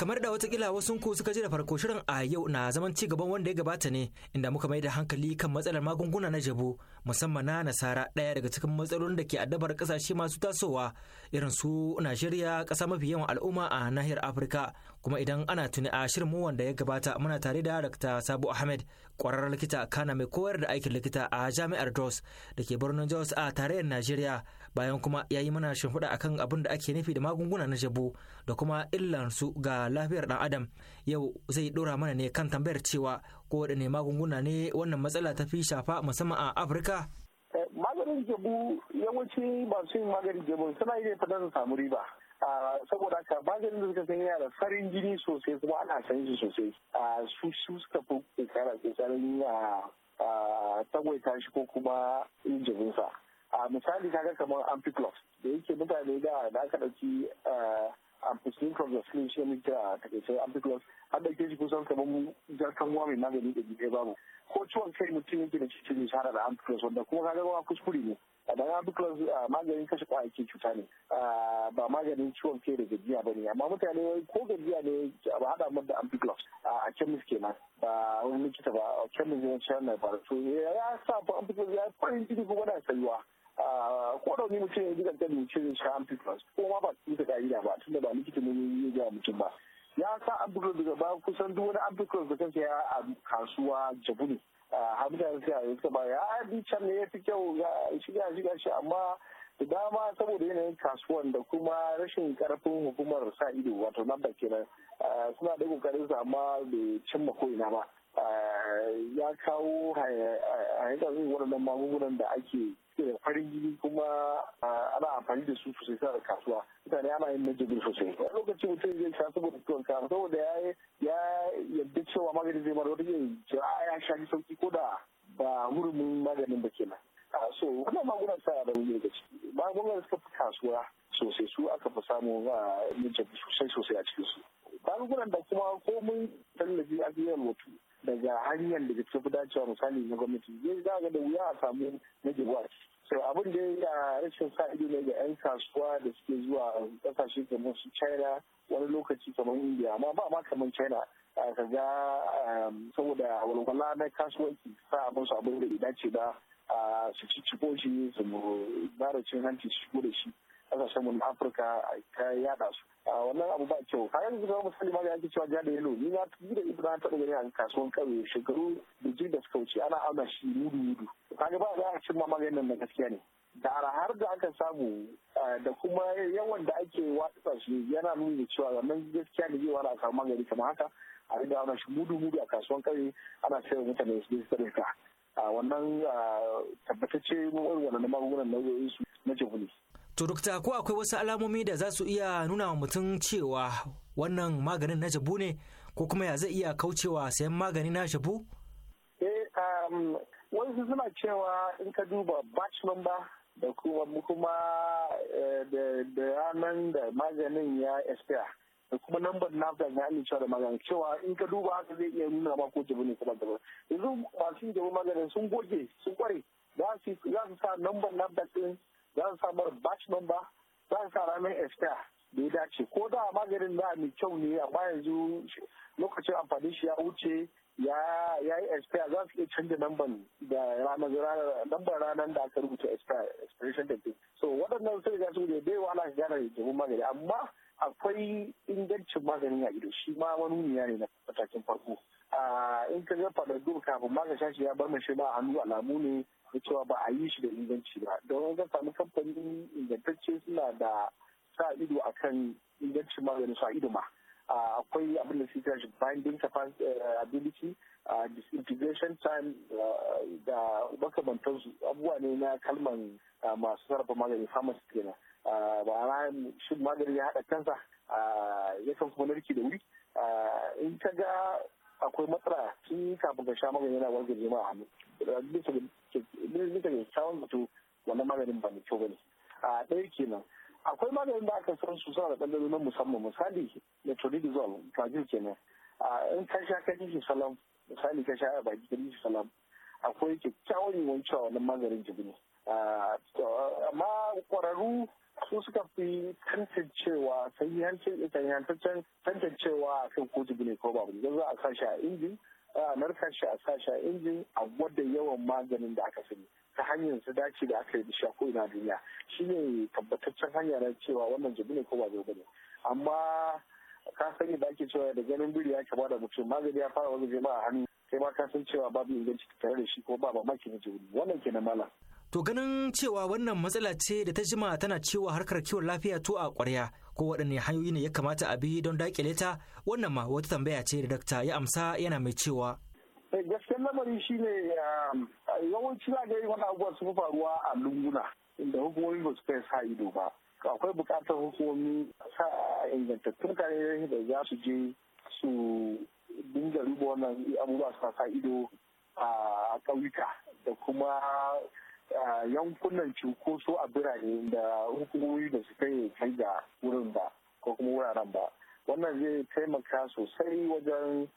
kamar da watakila wasu ku suka ji da farko shirin a yau na zaman ci gaban wanda ya gabata ne inda muka mai da hankali kan matsalar magunguna na jabo musamman na nasara daya daga cikin matsalolin da ke addabar kasashe masu tasowa irin su Najeriya kasa mafi yawan al'umma a nahiyar Afirka kuma idan ana tuni a shirin mu wanda ya gabata muna tare da Dr. sabu Ahmed kwararren likita kana mai koyar da aikin likita a jami'ar jos da ke birnin jos a tarayyar najeriya bayan kuma ya yi mana shimfiɗa akan abin da ake nufi da magunguna na jabu da kuma illansu ga lafiyar dan adam yau zai ɗora mana ne kan tambayar cewa ko waɗanne magunguna ne wannan matsala ta fi shafa musamman a afirka eh, maganin jabu yawanci masu yin maganin jabu suna yi ne fa samu riba saboda haka maganin da suka ka yana da farin jini sosai kuma ana san shi sosai su su suka fi kokara kokarin tagwaita shi ko kuma injininsa a misali kaga kamar ampiclox da yake mutane da da aka ɗauki ampiclox from the slim shi muke a sai ampiclox an ɗauke shi kusan kamar jarkan mai magani da ɗaya babu ko ciwon kai mutum yake da cikin shahara da ampiclox wanda kuma kaga ba kuskure ne dan because ah, maganin kashe kwayoyin cuta ne ah, ba maganin ciwon kai da gajiya ba ne amma mutane ko gajiya ne ba hada mu da ampiclox ah, a kemis kenan ba wani likita ba kemis ne ciyar na ba to ya sa ba ampiclox ya farin jini kuma na sayuwa ko da wani mutum ya ji gantar da cire shi ampiclox ko ma ba su da ba ba da ba likita ne ya ga mutum ba ya sa ampiclox daga ba kusan duk wani ampiclox da kansa ya a kasuwa jabu ne hamza suka ba ya abi can ne ya fi kyau ya shiga shiga shi amma da dama saboda yanayin kasuwan da kuma rashin karfin hukumar sa ido wato nan da kenan suna da kokarin su amma bai cimma ko ina ba ya kawo hayaƙar wadannan magungunan da ake suke da farin jini kuma ana amfani da su sosai sa da kasuwa mutane ana yin jirgin sosai a lokacin mutum zai sha saboda ciwon kan saboda ya yadda cewa magani zai mara wata yin ya sha sauki ko da ba hurumin maganin ba kenan so wannan magunan sa da wuri da ciki magunan da suka fi kasuwa sosai su aka fi samu a jirgin sosai sosai a cikin su magungunan da kuma komai tallafi a biyar mutum daga hanyar da ta fi dacewa misali na gwamnati zai ga da wuya a samu na gibuwa so abin da ya rashin sa ido ne ga 'yan kasuwa da suke zuwa kasashe kamar su china wani lokaci kamar india amma ba ma kamar china ka ga um, saboda walwala na kasuwanci sa abin su abin da ya dace ba su ci ciko shi su ba da cin hanci su shigo da shi kasashen mu na Afirka ta yada su a wannan abu ba kyau a yanzu kuma misali ma da ake cewa da yalo ni na tafi da ita na taɓa gani a kasuwan ƙauye shekaru da da suka wuce ana auna shi mudu mudu kaga ba za a cimma maganin nan na gaskiya ne da arahar da aka samu da kuma yawan da ake watsa shi yana nuna da cewa wannan gaskiya da zai wani a samu magani kamar haka a da auna shi mudu mudu a kasuwan ƙauye ana sayar mutane su su ta wannan tabbatacce mun wani wannan magungunan nau'o'in su na jihuni. to dokta ko akwai wasu alamomi da za su iya nuna wa mutum cewa wannan maganin na jabu ne ko kuma ya zai iya kaucewa sayan magani na jabu? eh um, wasu suna cewa in ka duba batch number da kuma kuma eh, da ranar da maganin ya expire da kuma lambar nafta na amincewa da maganin cewa in ka duba haka zai iya nuna ba ko jabu ne kuma jabu yanzu masu jabu maganin sun goge sun kware za su sa lambar nafta din za su samar batch number za su sa ranar expire da ya dace ko da maganin da mai kyau ne amma yanzu lokacin amfani shi ya wuce ya yi expire za su iya canja namban da ranar namban ranar da aka rubuta expiration date so waɗannan sai ga su da bai wahala shi gane jamin magani amma akwai ingancin maganin a ido shi ma wani nuniya ne na matakin farko ah, in ka ga kafin magani shi ya bar mashi ba hannu alamu ne da cewa ba a yi shi da inganci ba don zan samu kamfanin ingantacce suna da sa ido akan ingancin maganin sa ido ma akwai abin da suka shi binding eh, ability disintegration time eh, da makamantansu abubuwa ne na kalman eh, masu sarrafa magani pharmacy kenan ba shi magani ya haɗa kansa ya kan kuma narki da wuri in ka ga akwai matsala shi kafin ka sha magani yana warke jima a hannu bisa ga kyawun mutu wannan maganin ba mai kyau ba ne a ɗaya kenan akwai maganin da aka san su suna da ɗanɗano na musamman misali tolidizol flagyl kenan in ka sha ka ji salam misali ka sha a baki ka ji salam akwai kyakkyawan yiwuwan cewa wannan maganin jibi ne amma ƙwararru su suka fi tantancewa sahihancin tantancen tantancewa kan kotu jibi ne ko ba don za a sa shi a injin a narka shi a sa shi a injin a gwada yawan maganin da aka sani ta hanyar su dace da aka yi da shako ina duniya shi ne tabbataccen hanya na cewa wannan jibi ne ko ba jibi ne amma ka sani da ake cewa da ganin biri ya kama da mutum magani ya fara wani a hannu sai ma ka san cewa babu inganci tare da shi ko ba mamaki na jibi wannan na malam To ganin cewa wannan matsala ce da ta jima tana cewa harkar kiwon lafiya to a ƙwarya ko waɗanne hanyoyi ne ya kamata a bi don daƙile ta wannan ma wata tambaya ce da dakta ya amsa yana mai cewa. Eh, gaskiyar lamari shi ne ah, yawanci za ga yi wani abubuwa su faruwa a lunguna inda hukumomi ba su kai sa ido ba. Akwai buƙatar hukumomi sa ingantattun kare da za su je su dinga ruba wannan abubuwa su sa ido ah, a ƙauyuka da kuma yankunan cunkoso a birane da hukumomi da suka yi kai da wurin ba ko kuma wuraren ba wannan zai taimaka sosai wajen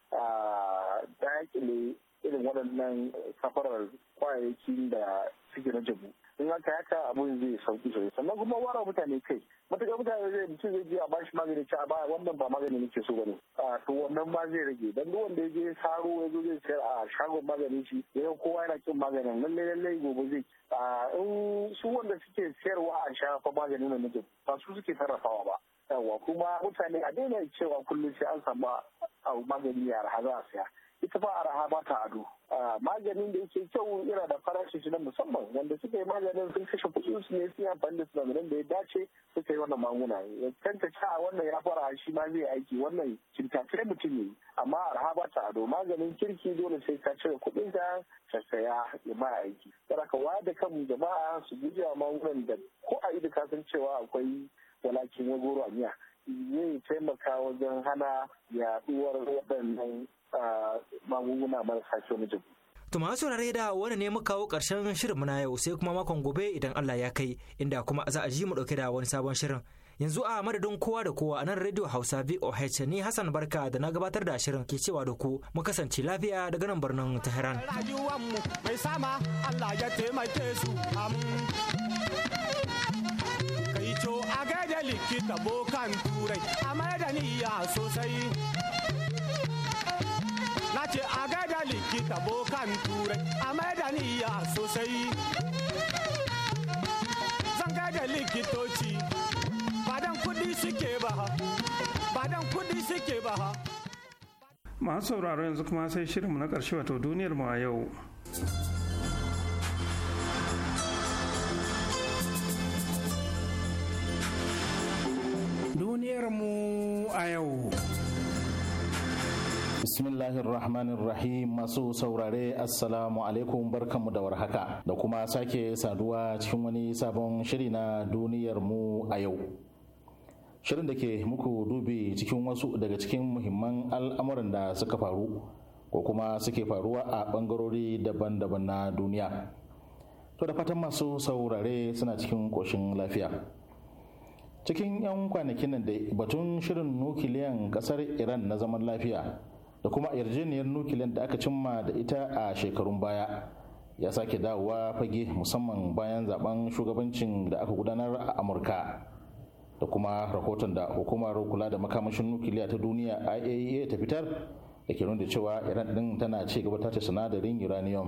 daƙile irin waɗannan safarar kwayayyaki da suke na jabu in aka haka abun zai sauki sosai sannan kuma wara mutane kai matuƙar mutane zai mutum zai je a bashi magani ci a ba wannan ba magani nake so bane a to wannan ma zai rage dan duk wanda ya je saro ya zo zai sayar a shagon magani shi yayin kowa yana kin maganin lallai lallai gobe zai a in su wanda suke sayarwa a shafa maganin nan nake ba su suke sarrafawa ba yawa kuma mutane a daina cewa kullum sai an samu magani yara za a saya ita fa araha ba ta ado maganin da yake kyau yana da farashi shi na musamman wanda suka yi maganin sun kashe kuɗin su ne sun yi amfani da sinadaran da ya dace suka yi wannan maguna ya ta a wannan ya fara shi ma zai aiki wannan kintace mutum ne amma araha ba ta ado maganin kirki dole sai ka cire kuɗin ta ka saya ya ma aiki kada ka wada kan jama'a su guje wa magunan da ko a ido ka san cewa akwai walakin ya goro a miya zai taimaka wajen hana yaɗuwar waɗannan magunguna marasa kyau na jiki. To masu saurare da wani ne muka kawo ƙarshen shirin muna yau sai kuma makon gobe idan Allah ya kai inda kuma za a ji mu ɗauke da wani sabon shirin. Yanzu a madadin kowa da kowa a nan Radio Hausa VOH ni Hassan Barka da na gabatar da shirin ke cewa da ku mu kasance lafiya daga nan birnin Tehran. Rayuwanmu mai sama Allah ya taimake su Kai co a da likita bokan turai a sosai. ce a gaida likita bokan turai a maida ya sosai zan gaida likitoci badan kudi suke ba badan kudi suke ba ma sauraro yanzu kuma sai shirinmu na ƙarshe wato duniyar mu a yau Duniyar mu a yau. Bismillahirrahmanirrahim masu saurare assalamu alaikum barkanmu da warhaka da kuma sake saduwa cikin wani sabon shiri na duniyar mu a yau. Shirin da ke muku dubi cikin wasu daga cikin muhimman al'amuran da suka faru ko kuma suke faruwa a bangarori daban-daban na duniya. To da fatan masu saurare suna cikin ƙoshin lafiya. Cikin 'yan kwanakin nan da batun shirin nukiliyan ƙasar Iran na zaman lafiya. da kuma a yarjejeniyar nukiliyar da aka cimma da ita a shekarun baya ya sake dawowa fage musamman bayan zaben shugabancin da aka gudanar a amurka da kuma rahoton da hukumar kula da makamashin nukiliya ta duniya iaea e, ta fitar da ke nuna cewa iran din tana ci gaba ta sinadarin uranium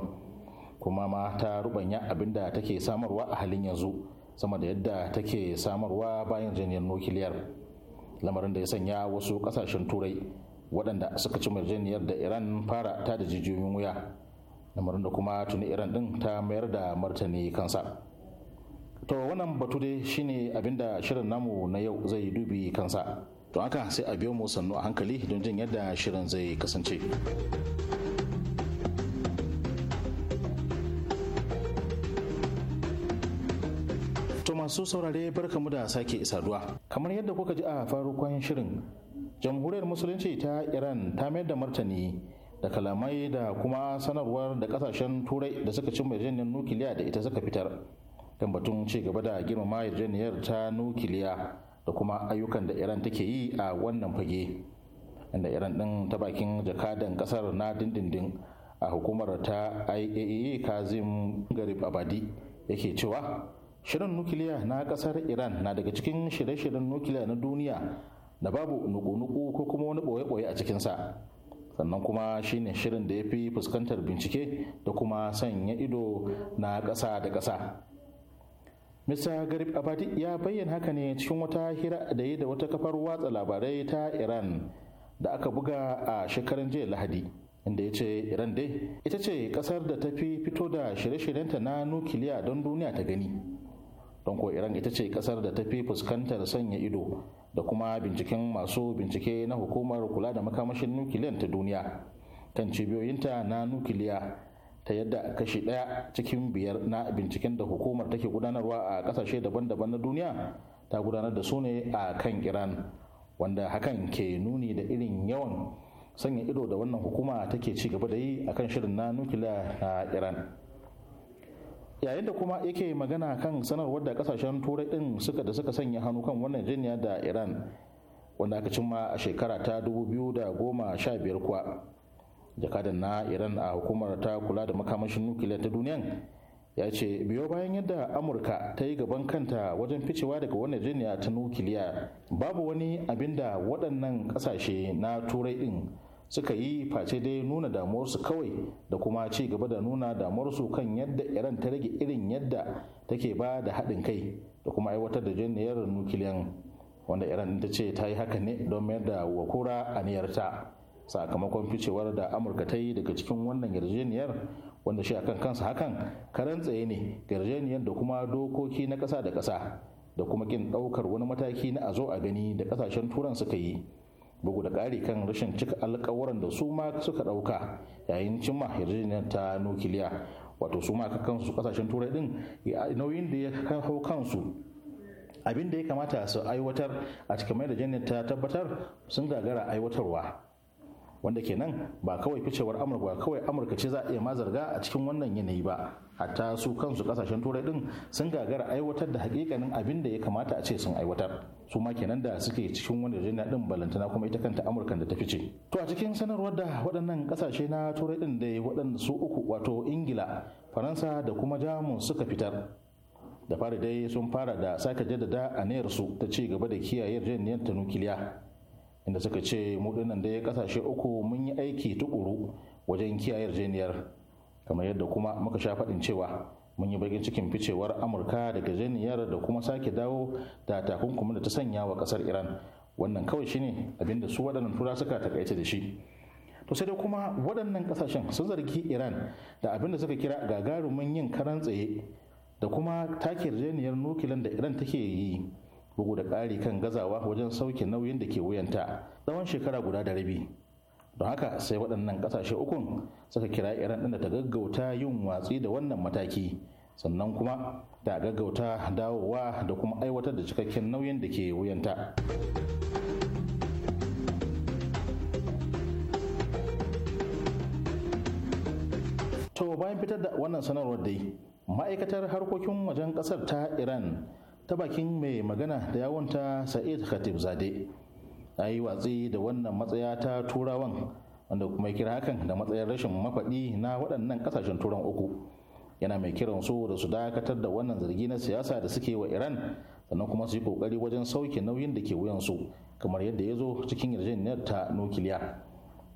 kuma ma ta rubanya abinda take samarwa a halin yanzu sama da yadda take samarwa bayan janyar nukiliyar lamarin da ya sanya wasu kasashen turai waɗanda suka ci marjaniyar da iran fara ta da jijiyoyin wuya lamarin da kuma tuni iran ɗin ta mayar da martani kansa to wannan batu dai shine abinda shirin namu na yau zai dubi kansa to haka sai a biyo mu sannu a hankali don jin yadda shirin zai kasance to masu saurare barkamu da sake saduwa kamar yadda kuka ji a farkon shirin jamhuriyar musulunci ta iran ta mayar da martani da kalamai da kuma sanarwar da kasashen turai da suka cin yarjejeniyar nukiliya da ita suka fitar kan batun ci gaba da girmama yarjejeniyar ta nukiliya da kuma ayyukan da iran take yi a wannan fage inda iran din ta bakin jakadan kasar na dindindin a hukumar ta iaea kazim garib abadi yake cewa shirin nukiliya na kasar iran na daga cikin shirye-shiryen nukiliya na duniya da babu nuku-nuku ko kuma wani ɓoye-ɓoye a cikinsa sannan kuma shine shirin da ya fi fuskantar bincike da kuma sanya ido na ƙasa da ƙasa Mr. Garib Abadi ya bayyana haka ne cikin wata hira da yi da wata kafar watsa labarai ta Iran da aka buga a shekarun jiya Lahadi. inda ya ce iran dai ita ce kasar da ta fi fito da shirye-shiryenta na nukiliya don duniya ta gani don ko iran ita ce kasar da ta fi fuskantar sanya ido da kuma binciken masu bincike na hukumar kula da makamashin nukiliyan ta duniya kan cibiyoyinta na nukiliya ta yadda kashi ɗaya cikin biyar na binciken da hukumar take gudanarwa a kasashe daban-daban na duniya ta gudanar da su ne a kan iran wanda hakan ke nuni da irin yawan sanya ido da wannan hukuma take ci gaba da yi akan shirin na nukiliya na iran yayin da kuma yake magana kan sanarwar da kasashen turai din suka da suka sanya hannu kan wannan jinya da iran wanda aka cimma a shekara ta 2015 kuwa jakadan na iran a hukumar ta kula da makamashin nukiliya ta duniyan ya ce biyo bayan yadda amurka ta yi gaban kanta wajen ficewa daga wannan jiniya ta nukiliya babu wani abin da waɗannan ƙasashe na turai din. suka yi face dai nuna damuwarsu kawai da kuma ci gaba da nuna damuwarsu kan yadda iran ta rage irin yadda take ba da haɗin kai da kuma aiwatar da janiyar nukiliyan wanda iran ta ce ta yi haka ne don mayar da wakura aniyarta sakamakon ficewar da amurka ta yi daga cikin wannan yarjejeniyar wanda shi akan kansa hakan karan tsaye ne yarjejeniyar da kuma dokoki na ƙasa da ƙasa da kuma kin ɗaukar wani mataki na azo a gani da ƙasashen turan suka yi bugu da ƙari kan rashin cika alkawuran da su ma suka ɗauka yayin cimma yarjejeniyar ta nukiliya wato su ma kansu kasashen turai ɗin nauyin da ya hau kansu abin da ya kamata su aiwatar a cikin mai da ta tabbatar sun gagara aiwatarwa wanda kenan ba kawai ficewar amurka ba kawai amurka ce za a iya ma zarga a cikin wannan yanayi ba hatta su kansu kasashen turai din sun gagara aiwatar da hakikanin abin da ya kamata a ce sun aiwatar su ma kenan da suke cikin wani yarjejeniya din balantana kuma ita kanta amurka da ta fice to a cikin sanarwar da waɗannan kasashe na turai din da waɗanda su uku wato ingila faransa da kuma jamus suka fitar da fara dai sun fara da sake jaddada a aniyarsu ta ci gaba da kiyaye yarjejeniyar ta nukiliya inda suka ce mu dinnan dai kasashe uku mun yi aiki tukuru wajen kiyaye yarjeniyar kamar yadda kuma muka sha faɗin cewa mun yi bakin cikin ficewar amurka daga jeniyar da kuma sake dawo da takunkumin da ta sanya wa kasar iran wannan kawai shine abinda su waɗannan tura suka takaice da shi to sai dai kuma waɗannan kasashen sun zargi iran da abinda suka kira gagarumin yin karan tsaye da kuma take yarjeniyar nukilan da iran take yi bugu da ƙari kan gazawa wajen sauke nauyin da ke wuyanta tsawon shekara guda da rabi don haka sai waɗannan ƙasashe ukun suka kira iran ɗin da ta gaggauta yin watsi da wannan mataki sannan kuma ta gaggauta dawowa da kuma aiwatar da cikakken nauyin da ke wuyanta to bayan fitar da wannan sanarwar dai ma'aikatar harkokin wajen ƙasar ta iran ta bakin mai magana da yawonta sa'id khatib zade a yi watsi da wannan matsaya ta turawan wanda kuma kira hakan da matsayin rashin mafaɗi na waɗannan ƙasashen turan uku yana mai kiran su da su dakatar da wannan zargi na siyasa da suke wa iran sannan kuma su yi kokari wajen sauke nauyin da ke wuyansu kamar yadda ya zo cikin yarjejeniyar ta nukiliya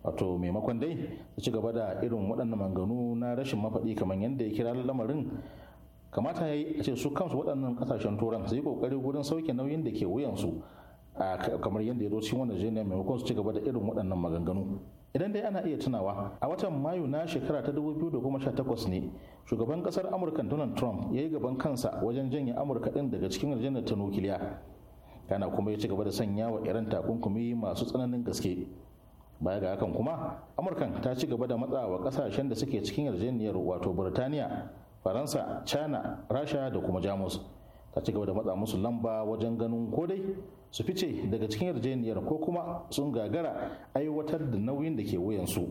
wato maimakon dai su ci gaba da irin waɗannan manganu na rashin mafaɗi kamar yadda ya kira lamarin kamata ya yi a ce su kansu waɗannan ƙasashen turan su yi ƙoƙari wurin sauke nauyin da ke wuyansu kamar yadda ya zo cikin wannan jiniya maimakon su ci gaba da irin waɗannan maganganu idan dai ana iya tunawa a watan mayu na shekara ta 2018 ne shugaban ƙasar amurka donald trump ya yi gaban kansa wajen janye amurka ɗin daga cikin aljannar ta nukiliya yana kuma ya ci gaba da sanya wa iran takunkumi masu tsananin gaske baya ga hakan kuma amurkan ta ci gaba da matsawa kasashen da suke cikin yarjejeniyar wato burtaniya faransa china rasha da kuma jamus ta ci gaba da matsa musu lamba wajen ganin ko dai su fice daga cikin yarjejeniyar ko kuma sun gagara aiwatar da nauyin da ke wuyansu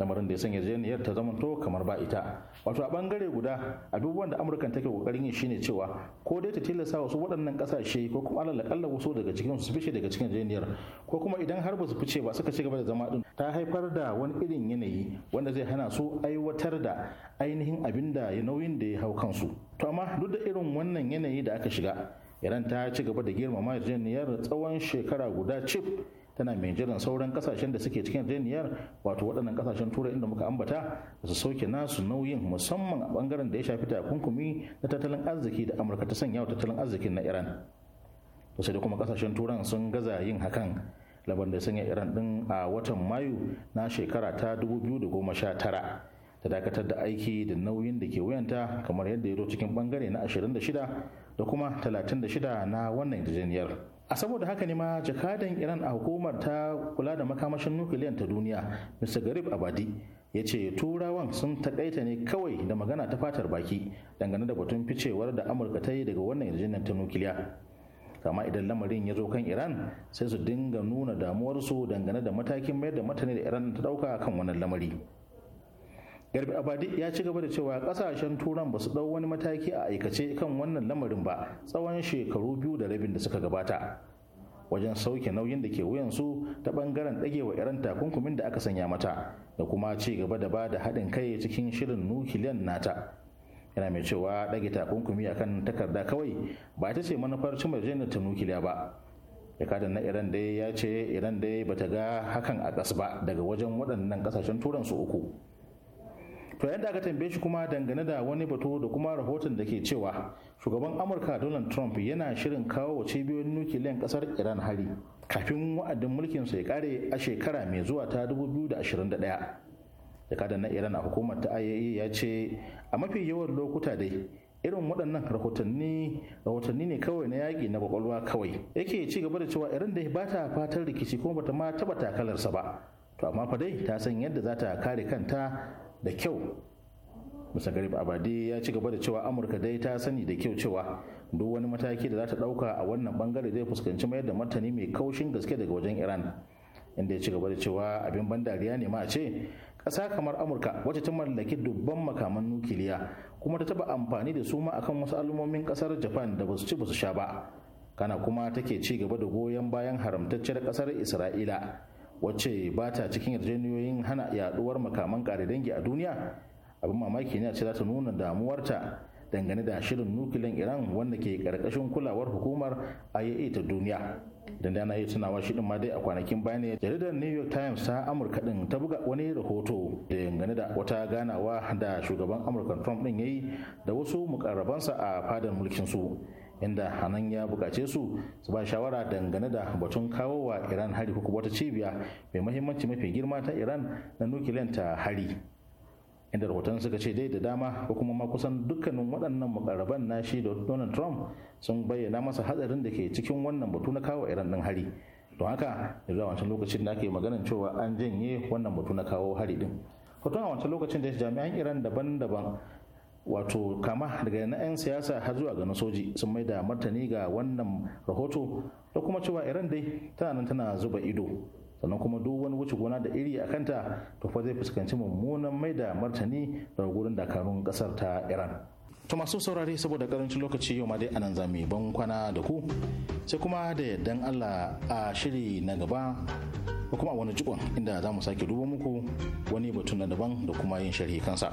lamarin da ya sanya yarjejeniyar ta zamanto kamar ba ita wato a bangare guda abubuwan da amurka take kokarin yi shine cewa ko dai ta tilasta wasu waɗannan ƙasashe ko kuma alal kalla wasu daga cikin su fice daga cikin yarjejeniyar ko kuma idan har ba su fice ba suka ci gaba da zama din ta haifar da wani irin yanayi wanda zai hana su aiwatar da ainihin abin da nauyin da ya hau kansu to amma duk da irin wannan yanayi da aka shiga iran ta ci gaba da girmama yarjejeniyar tsawon shekara guda cif tana mai jiran sauran kasashen da suke cikin reniyar wato waɗannan kasashen turai inda muka ambata su sauke nasu nauyin musamman a bangaren da ya shafi takunkumi na tattalin arziki da amurka ta sanya wa tattalin arzikin na iran to sai kuma kasashen turan sun gaza yin hakan laban da sanya iran din a watan mayu na shekara ta da goma sha tara ta dakatar da aiki da nauyin da ke wuyanta kamar yadda ya zo cikin bangare na 26 da kuma shida na wannan yarjejeniyar. a saboda haka ne ma jakadan iran a hukumar ta kula da makamashin nukiliyan ta duniya mr garib abadi ya ce turawan sun takaita ne kawai da magana ta fatar baki dangane da batun ficewar da amurka ta yi daga wannan yarjejeniyar ta nukiliya kama idan lamarin ya zo kan iran sai su dinga nuna damuwarsu dangane da matakin mayar da matane da iran ta dauka kan wannan lamari garbi abadi ya ci gaba da cewa kasashen turan ba su dau wani mataki a aikace kan wannan lamarin ba tsawon shekaru biyu da rabin da suka gabata wajen sauke nauyin da ke wuyansu ta bangaren ɗagewa iran takunkumin da aka sanya mata da kuma ci gaba da ba da haɗin kai cikin shirin nukiliyan nata yana mai cewa dage takunkumi a kan takarda kawai ba ta ce manufar cimma ta nukiliya ba jakadan na iran dai ya ce iran dai bata ga hakan a ƙas ba daga wajen waɗannan ƙasashen turan su uku to yadda aka tambaye shi kuma dangane da wani batu da kuma rahoton da ke cewa shugaban amurka donald trump yana shirin kawo wa cibiyoyin nukiliyan kasar iran hari kafin wa'adin mulkin mulkinsa ya kare a shekara mai zuwa ta 2021 jakadan na iran a hukumar ta iaea e ya ce a mafi yawan lokuta dai irin waɗannan rahotanni rahotanni ne kawai na yaƙi na kwakwalwa kawai yake ci gaba da cewa irin da ba ta fatan rikici kuma bata ma taɓa takalarsa ba to amma fa dai ta san yadda za ta kare kanta da kyau musa garib abadi ya ci gaba da cewa amurka dai ta sani da kyau cewa duk wani mataki da za ta dauka a wannan bangare zai fuskanci mayar da martani mai kaushin gaske daga wajen iran inda ya ci gaba da cewa abin ban dariya ne ma ce ƙasa kamar amurka wacce ta mallaki dubban makaman nukiliya kuma ta taba amfani da su ma akan wasu al'ummomin ƙasar japan da basu ci basu sha ba kana kuma take ci gaba da goyon bayan haramtacciyar ƙasar isra'ila wacce ba ta cikin yarjejeniyoyin hana yaduwar makaman kare dangi a duniya abin mamaki ne a ce za ta nuna damuwarta dangane da shirin nukiliyan iran wanda ke karkashin kulawar hukumar iaea ta duniya don dana yi tunawa shi din ma dai a kwanakin bayan ne jaridar new york times ta amurka din ta buga wani rahoto dangane da wata ganawa da shugaban amurka trump din yi da wasu mukarrabansa a fadar mulkin su inda hanan ya bukace su su ba shawara dangane da batun kawo wa iran hari ko wata cibiya mai mahimmanci mafi girma ta iran na nukiliyan ta hari inda rahoton suka ce dai da dama ko kuma ma kusan dukkanin waɗannan mukarraban nashi da donald trump sun bayyana masa hatsarin da ke cikin wannan batu na kawo iran din hari don haka da wancan lokacin da ake maganin cewa an janye wannan batu na kawo hari ɗin hoton a wancan lokacin da jami'an iran daban-daban wato kama daga na 'yan siyasa har zuwa ga nasoji soji sun mai da martani ga wannan rahoto da kuma cewa iran dai tana nan tana zuba ido sannan kuma duk wani wuce gona da iri a kanta to fa zai fuskanci mummunan mai da martani daga gurin dakarun kasar ta iran to masu saurare saboda karancin lokaci yau ma dai anan zami ban kwana da ku sai kuma da yardan allah a shiri na gaba ko kuma wani jikon inda zamu sake duba muku wani batun na daban da kuma yin sharhi kansa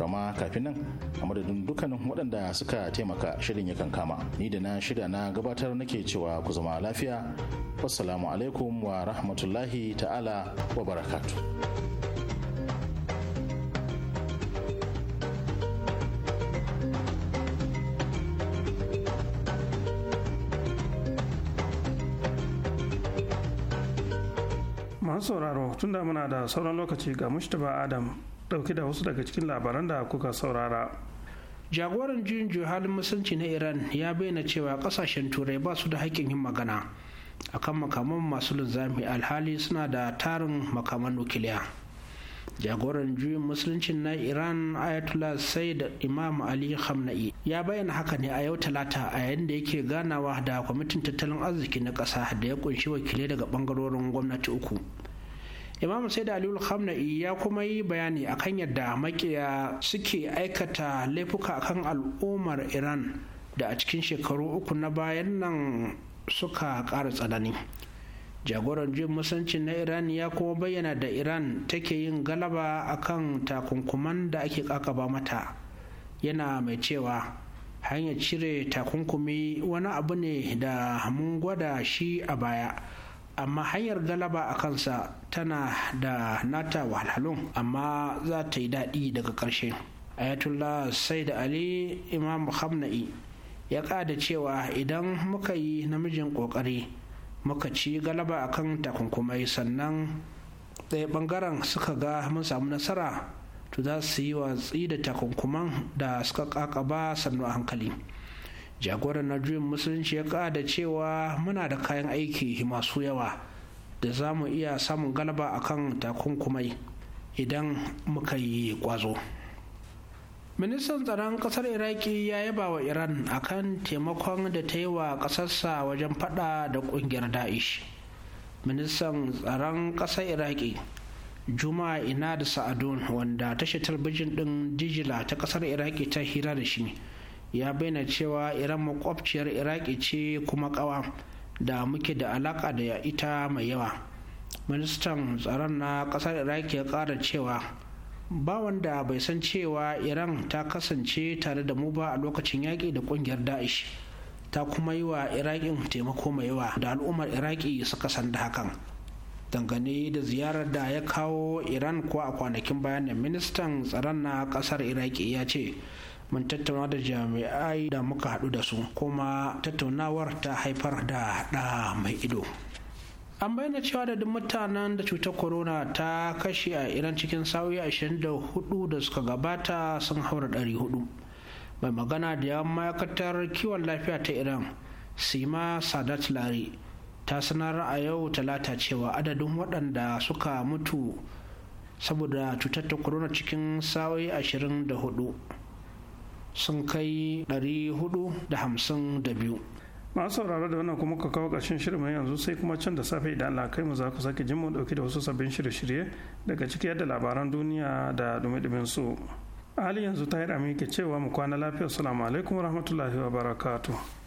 rama kafin nan a madadin dukkanin waɗanda suka taimaka shirin ya kama ni da na shirya na gabatar nake cewa ku zama lafiya wassalamu alaikum wa rahmatullahi ta'ala wa barakatu. masu sauraro tunda muna da sauran lokaci ga mushtaba adam dauke da wasu daga cikin labaran da kuka saurara jagoran juyin halin musulunci na iran ya bayyana cewa kasashen turai ba su da haƙƙin yin magana akan makaman masu linzami alhali suna da tarin makaman nukiliya jagoran juyin musulunci na iran ayatollah da imam ali khamenei ya bayyana haka ne a yau talata a yayin da yake ganawa da kwamitin tattalin arziki na ƙasa da ya kunshi wakilai daga bangarorin gwamnati uku imam sai da aliyu khamna'i ya kuma yi bayani akan yadda makiya suke aikata laifuka akan al'ummar iran da a cikin shekaru uku na bayan nan suka ƙara tsanani jagoran jin musancin na iran ya kuma bayyana da iran take yin galaba akan takunkuman da ake kakaba mata yana mai cewa hanyar cire takunkumi wani abu ne da mun gwada shi a baya amma hanyar galaba a kansa tana da nata wahalhalun amma za ta yi daɗi daga ƙarshe ayatollah said ali imam hamna'i ya ƙada cewa idan muka yi namijin ƙoƙari muka ci galaba a kan takunkumai sannan ɗaya ɓangaren suka ga mun samu nasara to za su yi watsi da takunkuman da suka ƙaƙaba sannu a hankali jagoran na juyin musulunci ya kada cewa muna da kayan aiki masu yawa da za mu iya samun galaba akan takunkumai idan muka yi kwazo ministan tsaron kasar iraki ya yaba wa iran akan taimakon da ta yi wa kasarsa wajen fada da kungiyar da'ish ministan tsaron kasar iraki juma'a ina da sa'adun wanda tashar talbijin din dijila ta kasar iraki ta hira da shi ya bayyana cewa iran makwabciyar iraki ce kuma kawa da muke da alaka da ita mai yawa ministan tsaron na kasar iraki ya kara cewa ba wanda bai san cewa iran ta kasance tare da mu ba a lokacin yaƙi da ƙungiyar daesh ta kuma yi wa iraƙin taimako mai yawa da al'ummar iraki suka san da hakan dangane da ziyarar da ya kawo iran ko a kwanakin bayan ministan tsaron na kasar iraki ya ce mun tattauna da jami'ai da muka haɗu da su kuma tattaunawar ta haifar da ɗa mai ido an bayyana cewa da duk mutanen da cutar corona ta kashe a iran cikin sauyi 24 da suka gabata sun haura 400 mai magana da yawan ma'aikatar kiwon lafiya ta iran sima sadat lari ta sanar a yau talata cewa adadin waɗanda suka mutu saboda cutar ta corona cikin sauyi 24 sun kai 452 masu sauraro da wannan kuma ka kawo ƙarshen shirin yanzu sai kuma can da safe idan Allah kai mu za ku sake jin mu ɗauki da wasu sabbin shirye-shirye daga ciki yadda labaran duniya da dumi su a hali yanzu ta yi ke cewa mu kwana lafiya salamu alaikum rahmatullahi wa barakatuh